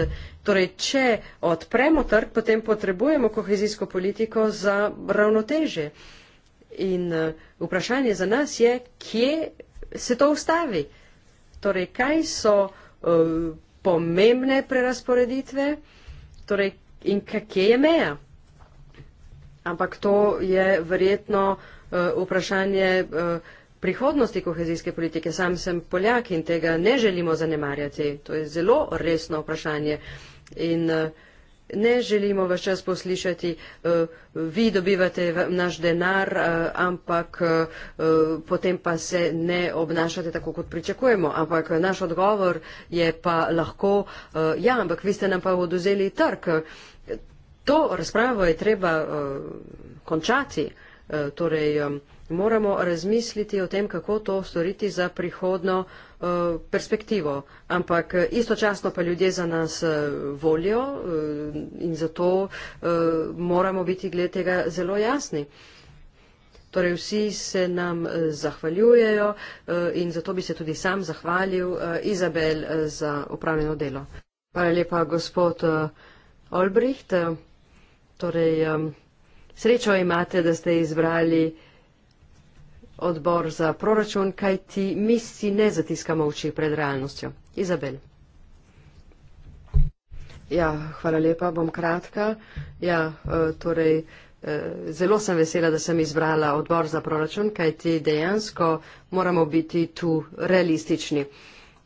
Torej, če odpremo trg, potem potrebujemo kohezijsko politiko za ravnoteže. In eh, vprašanje za nas je, kje se to ustavi. Torej, kaj so eh, pomembne prerasporeditve torej, in kje je meja. Ampak to je verjetno vprašanje prihodnosti kohezijske politike. Sam sem Poljak in tega ne želimo zanemarjati. To je zelo resno vprašanje. In eh, ne želimo vse čas poslišati, eh, vi dobivate naš denar, eh, ampak potem pa se ne obnašate tako, kot pričakujemo. Ampak naš odgovor je pa lahko, ja, ampak vi ste nam pa oduzeli trg. To razpravo je treba končati. Torej, moramo razmisliti o tem, kako to storiti za prihodno eh, perspektivo. Ampak eh, istočasno pa ljudje za nas eh, volijo in zato moramo biti glede tega zelo jasni. Torej vsi se nam zahvaljujejo in zato bi se tudi sam zahvalil Izabel za upravljeno delo. Hvala lepa, gospod Olbricht. Torej, srečo imate, da ste izbrali odbor za proračun, kaj ti misli ne zatiskamo oči pred realnostjo. Izabel. Ja, hvala lepa, bom kratka. Ja, eh, torej, eh, zelo sem vesela, da sem izbrala odbor za proračun, kaj ti dejansko moramo biti tu realistični.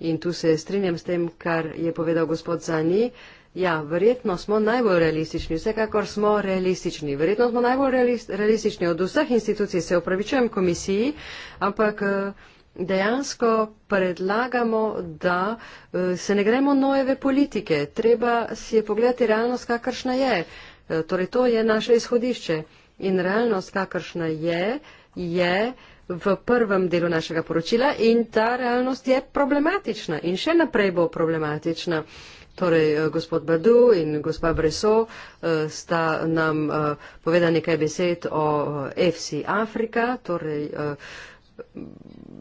In tu se strinjam s tem, kar je povedal gospod Zani. Ja, verjetno smo najbolj realistični, vsekakor smo realistični. Verjetno smo najbolj realistični od vseh institucij, se upravičujem komisiji, ampak eh, dejansko predlagamo, da eh, se ne gremo nojeve politike. Treba si je pogledati realnost, kakršna je. Eh, torej, to je naše izhodišče. In realnost, kakršna je, je v prvem delu našega poročila in ta realnost je problematična in še naprej bo problematična. Uh, Torej, eh, gospod Badu in gospa Breso eh, sta nam eh, povedali nekaj besed o FC Afrika. Torej,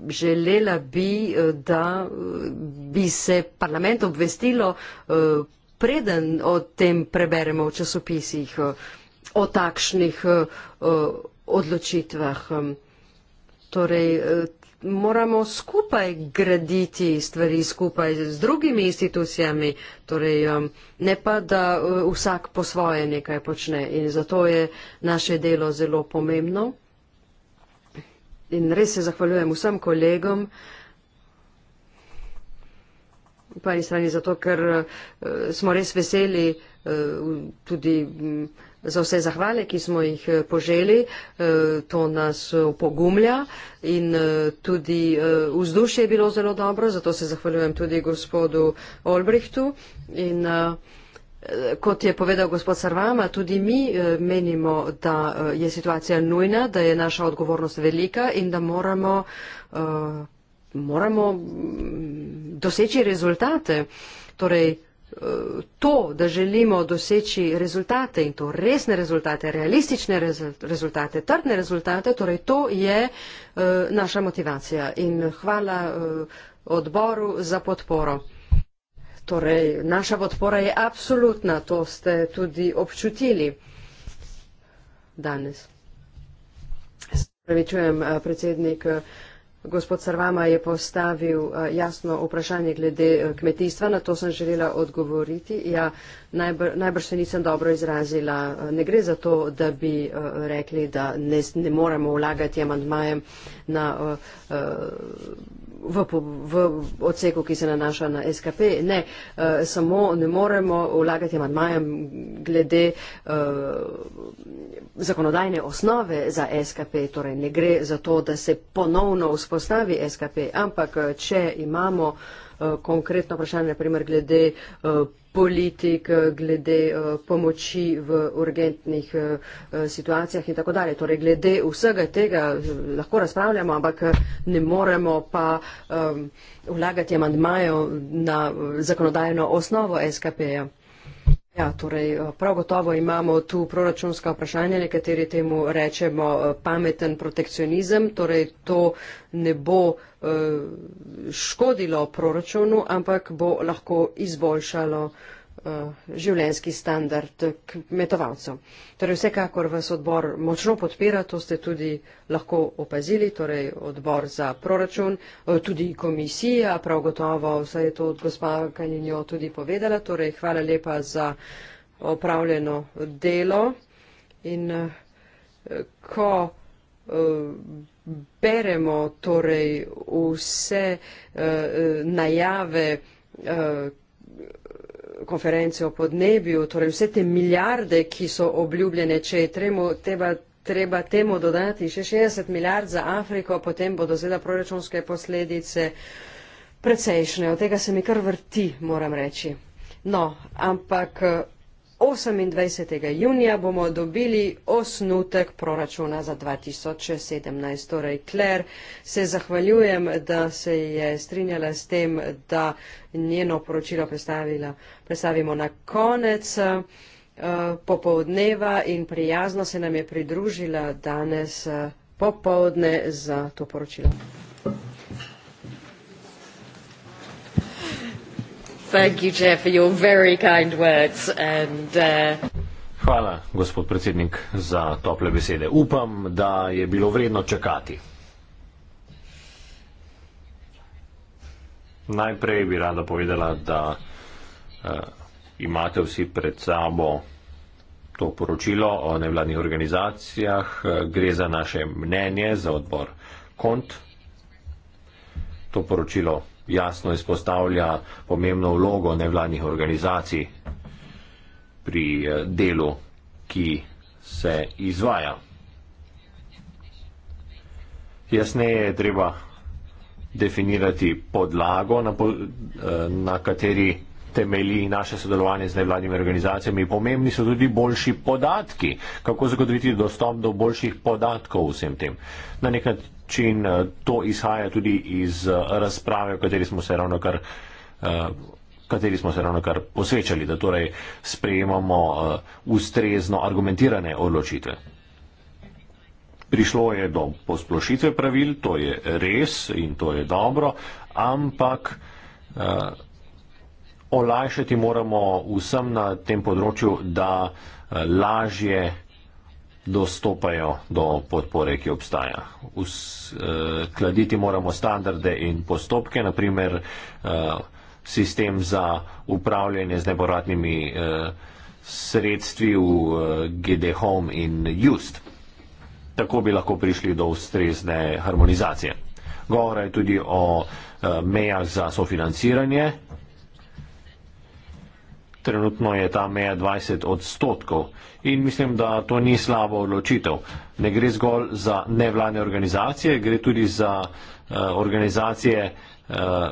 želela bi, da bi se parlament obvestilo, preden o tem preberemo v časopisih, o takšnih odločitvah. Torej, moramo skupaj graditi stvari, skupaj z drugimi institucijami, torej, um, ne pa, da uh, vsak po svoje nekaj počne. In zato je naše delo zelo pomembno. In res se zahvaljujem vsem kolegom. Po eni strani zato, ker uh, smo res veseli uh, tudi za vse zahvale, ki smo jih eh, poželi. Eh, to nas eh, opogumlja in tudi vzdušje je bilo zelo dobro, zato se zahvaljujem tudi gospodu Olbrihtu. In kot je povedal gospod Sarvama, tudi mi menimo, da je situacija nujna, da je naša odgovornost velika in da moramo, moramo mm, doseči rezultate. Torej, to, da želimo doseči rezultate in to resne rezultate, realistične rezultate, trdne rezultate, torej to je eh, naša motivacija. In hvala eh, odboru za podporo. Torej, naša podpora je apsolutna, to ste tudi občutili danes. Spravičujem eh, predsednik. Gospod Sarvama je postavil eh, jasno vprašanje glede eh, kmetijstva, na to sem želela odgovoriti. Ja, najbr, najbrž se nisem dobro izrazila. Eh, ne gre za to, da bi rekli, da ne, ne moramo vlagati amandmajem na. Uh, uh, v, v odseku, ki se nanaša na SKP. Ne, eh, samo ne moremo vlagati manjmajem glede eh, zakonodajne osnove za SKP. Torej, ne gre za to, da se ponovno vzpostavi SKP, ampak eh, če imamo Eh, konkretno vprašanje, naprimer glede eh, politik, eh, glede pomoči v urgentnih situacijah in tako dalje. Torej, glede vsega tega lahko razpravljamo, ampak ne moremo pa vlagati amandmajev na zakonodajno osnovo SKP-ja. Ja, torej, eh, prav gotovo imamo tu proračunska vprašanja, nekateri temu rečemo eh, pameten protekcionizem, torej to ne bo eh, škodilo proračunu, ampak bo lahko izboljšalo uh, Eh, življenjski standard kmetovalcev. Torej vsekakor vas odbor močno podpira, to ste tudi lahko opazili, torej odbor za proračun, eh, tudi komisija, prav gotovo vse je to od gospa Kaninjo tudi povedala, torej hvala lepa za opravljeno delo in eh, ko beremo torej vse najave, konference o podnebju, torej vse te milijarde, ki so obljubljene, če je tremo, teba, treba temu dodati še 60 milijard za Afriko, potem bodo seveda proračunske posledice precejšnje. Od tega se mi kar vrti, moram reči. No, ampak 28. junija bomo dobili osnutek proračuna za 2017. Torej, Kler, se zahvaljujem, da se je strinjala s tem, da njeno poročilo predstavimo na konec eh, popovdneva in prijazno se nam je pridružila danes eh, popovdne za to poročilo. Thank you, Chair, for your very kind words and uh Hvala, gospod predsednik, za tople besede. Upam, da je bilo vredno čakati. Najprej bi rada povedala, da uh, imate vsi pred sabo to poročilo o nevladnih organizacijah. Uh, gre za naše mnenje, za odbor KONT. To poročilo jasno izpostavlja pomembno vlogo nevladnih organizacij pri eh, delu, ki se izvaja. Jasneje je treba definirati podlago, na, po, eh, na kateri temelji naše sodelovanje z nevladnimi organizacijami. Pomembni so tudi boljši podatki, kako zagotoviti dostop do boljših podatkov vsem tem. Na nek način. Eh, to izhaja tudi iz eh, razprave, v kateri smo se ravno kar eh, kateri smo se ravno kar posvečali, da torej sprejemamo uh, ustrezno argumentirane odločitve. Prišlo je do posplošitve pravil, to je res in to je dobro, ampak uh, olajšati moramo vsem na tem področju, da uh, lažje uh, dostopajo do podpore, ki obstaja. Uskladiti eh, uh, moramo standarde in postopke, naprimer uh, eh, sistem za upravljanje z nepovratnimi uh, sredstvi v uh, GD Home in Just. Tako bi lahko prišli do ustrezne harmonizacije. Govora je tudi o uh, mejah za sofinanciranje, trenutno je ta meja 20 odstotkov in mislim, da to ni slabo odločitev. Ne gre zgolj za nevladne organizacije, gre tudi za uh, organizacije uh, eh,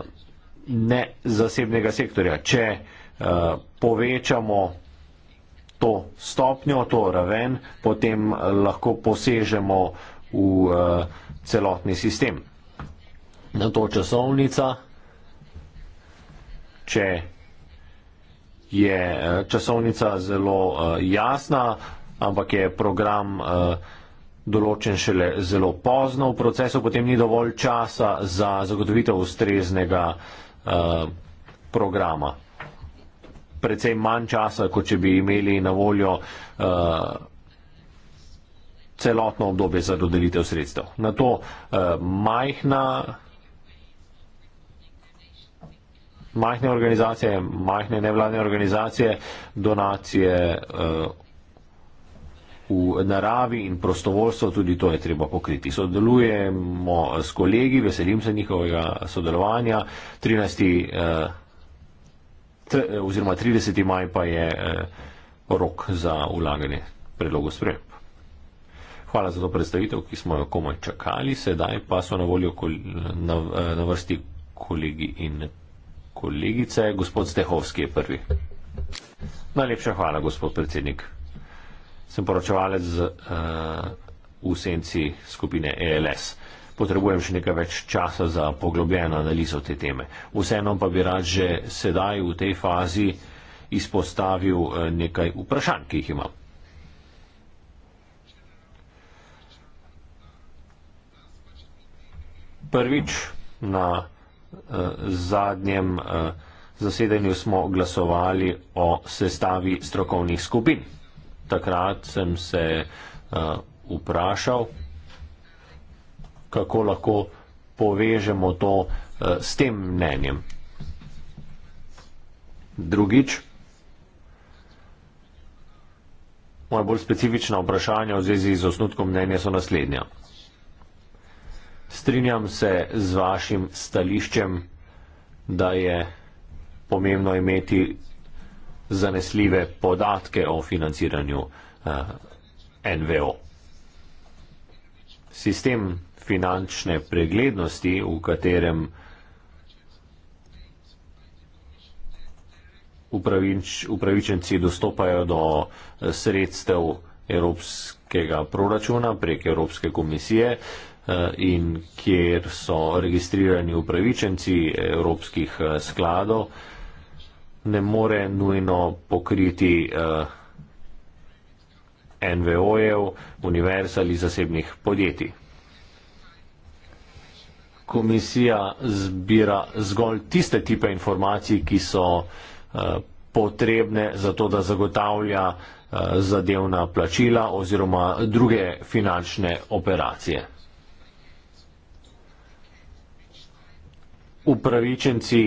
ne zasebnega sektorja. Če uh, povečamo to stopnjo, to raven, potem lahko posežemo v uh, celotni sistem. Na to časovnica, če je eh, časovnica zelo eh, jasna, ampak je program eh, določen šele zelo pozno v procesu, potem ni dovolj časa za zagotovitev ustreznega programa. Predvsej manj časa, kot če bi imeli na voljo celotno obdobje za dodelitev sredstev. Na to eh, majhna majhne organizacije, majhne nevladne organizacije, donacije uh, v naravi in prostovoljstvo, tudi to je treba pokriti. Sodelujemo s kolegi, veselim se njihovega sodelovanja. 13. Uh, tre, oziroma 30. maj pa je uh, rok za ulaganje predlogov sprejem. Hvala za to predstavitev, ki smo jo komaj čakali. Sedaj pa so na voljo kol, na, eh, na vrsti kolegi in kolegice. Gospod Stehovski je prvi. Najlepša hvala, gospod predsednik. Sem poročevalec uh, v senci skupine ELS. Potrebujem še nekaj več časa za poglobljeno analizo te teme. Vseeno pa bi rad že sedaj v tej fazi izpostavil eh, nekaj vprašanj, ki jih imam. Prvič na zadnjem eh, zasedanju smo glasovali o sestavi strokovnih skupin. Takrat sem se eh, vprašal, kako lahko povežemo to eh, s tem mnenjem. Drugič, moja bolj specifična vprašanja v zvezi z osnutkom mnenja so naslednja. Strinjam se z vašim stališčem, da je pomembno imeti zanesljive podatke o financiranju uh, eh, NVO. Sistem finančne preglednosti, v katerem upravič, upravičenci dostopajo do eh, sredstev evropskega proračuna prek Evropske komisije, uh, Eh, in kjer so registrirani upravičenci evropskih eh, skladov, ne more nujno pokriti eh, NVO-jev, univerz ali zasebnih podjetij. Komisija zbira zgolj tiste tipe informacij, ki so potrebne za to, da zagotavlja zadevna plačila oziroma druge finančne operacije. upravičenci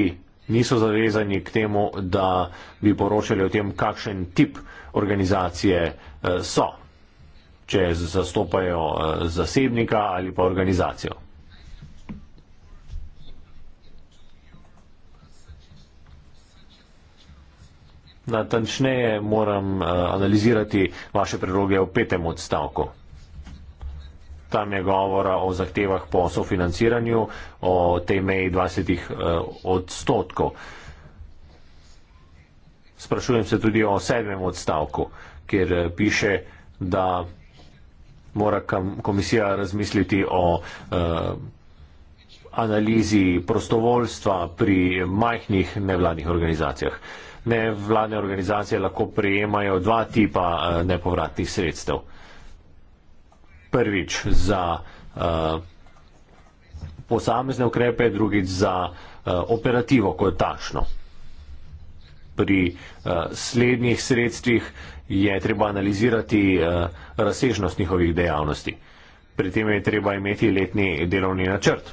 niso zavezani k temu, da bi poročali o tem, kakšen tip organizacije eh, so, če zastopajo eh, zasebnika ali pa organizacijo. Natančneje moram eh, analizirati vaše predloge v petem odstavku tam je govora o zahtevah po sofinanciranju, o tej meji 20 eh, odstotkov. Sprašujem se tudi o sedmem odstavku, kjer eh, piše, da mora komisija razmisliti o eh, analizi prostovoljstva pri majhnih nevladnih organizacijah. Nevladne organizacije lahko prejemajo dva tipa eh, nepovratnih sredstev. Eh, prvič za eh, posamezne ukrepe, drugič za eh, operativo kot takšno. Pri eh, slednjih sredstvih je treba analizirati razsežnost njihovih dejavnosti. Pri tem je treba imeti letni delovni načrt.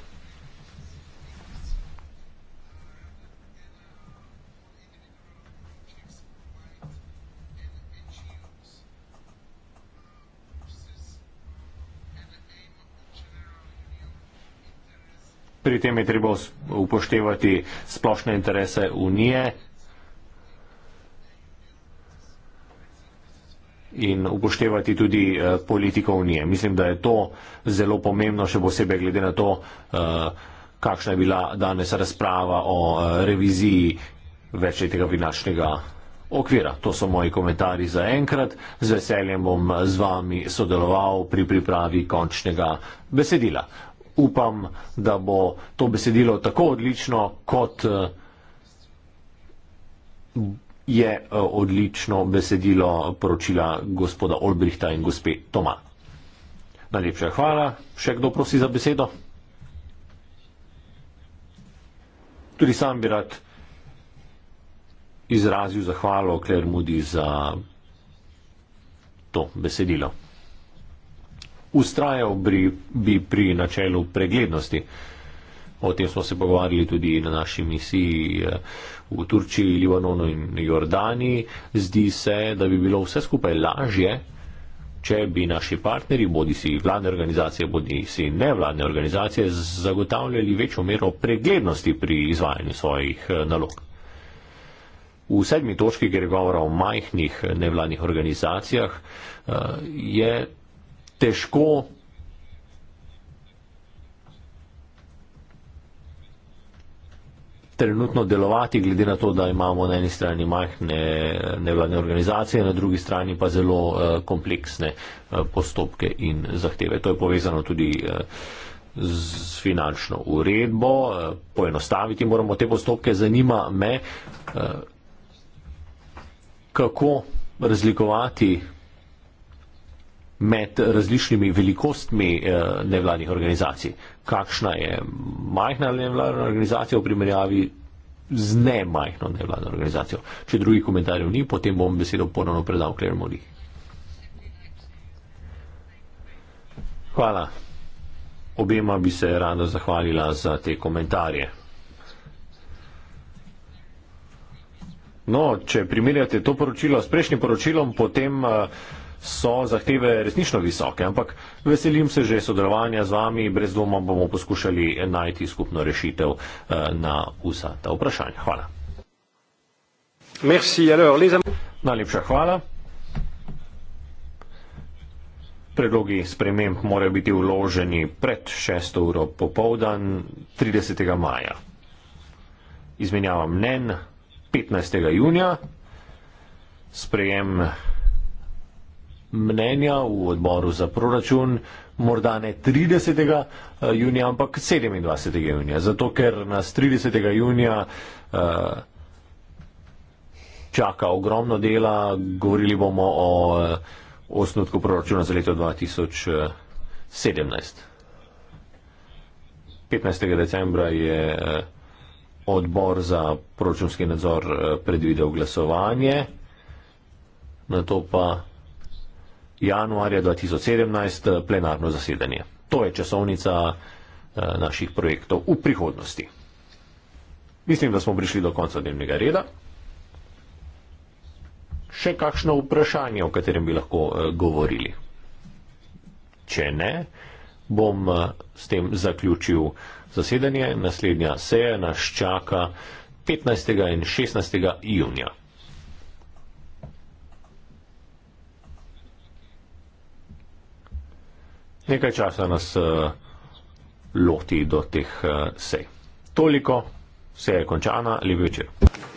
pri tem je treba upoštevati splošne interese unije in upoštevati tudi eh, politiko unije. Mislim, da je to zelo pomembno, še posebej glede na to, eh, kakšna je bila danes razprava o eh, reviziji večletnega finančnega okvira. To so moji komentarji za enkrat. Z veseljem bom z vami sodeloval pri pripravi končnega besedila upam, da bo to besedilo tako odlično, kot eh, je eh, odlično besedilo poročila gospoda Olbrihta in gospe Toma. Najlepša hvala. Še kdo prosi za besedo? Tudi sam bi rad izrazil zahvalo Claire Moody za to besedilo ustrajal bi, bi pri načelu preglednosti. O tem smo se pogovarjali tudi na naši misiji eh, v Turčiji, Libanonu in Jordani. Zdi se, da bi bilo vse skupaj lažje, če bi naši partnerji, bodi si vladne organizacije, bodi si nevladne organizacije, zagotavljali večjo mero preglednosti pri izvajanju svojih eh, nalog. V sedmi točki, kjer je govora o majhnih eh, nevladnih organizacijah, je težko trenutno delovati, glede na to, da imamo na eni strani majhne nevladne organizacije, na drugi strani pa zelo eh, kompleksne eh, postopke in zahteve. To je povezano tudi eh, z finančno uredbo, poenostaviti moramo te postopke. Zanima me, kako razlikovati med različnimi velikostmi eh, nevladnih organizacij. Kakšna je majhna nevladna organizacija v primerjavi z ne majhno nevladno organizacijo? Če drugih komentarjev ni, potem bom besedo ponovno predal Claire Mori. Hvala. Obema bi se rada zahvalila za te komentarje. No, če primerjate to poročilo s prejšnjim poročilom, potem uh, so zahteve resnično visoke, ampak veselim se že sodelovanja z vami, brez dvoma bomo poskušali najti skupno rešitev eh, na vsa ta vprašanja. Hvala. Merci, alors, Najlepša hvala. Predlogi sprememb morajo biti vloženi pred 6. uro popovdan 30. maja. Izmenjava mnen 15. junija. Sprejem mnenja v odboru za proračun, morda ne 30. Eh, junija, ampak 27. junija. Zato, ker nas 30. junija eh, čaka ogromno dela, govorili bomo o eh, osnutku proračuna za leto 2017. 15. decembra je odbor za proračunski nadzor predvidel glasovanje, na to pa januarja 2017 eh, plenarno zasedanje. To je časovnica eh, naših projektov v prihodnosti. Mislim, da smo prišli do konca dnevnega reda. Še kakšno vprašanje, o katerem bi lahko eh, govorili? Če ne, bom s tem zaključil zasedanje. Naslednja seja nas čaka 15. in 16. junija. nekaj časa nas eh, loti do teh eh, sej. Toliko, vse je končana, lep večer.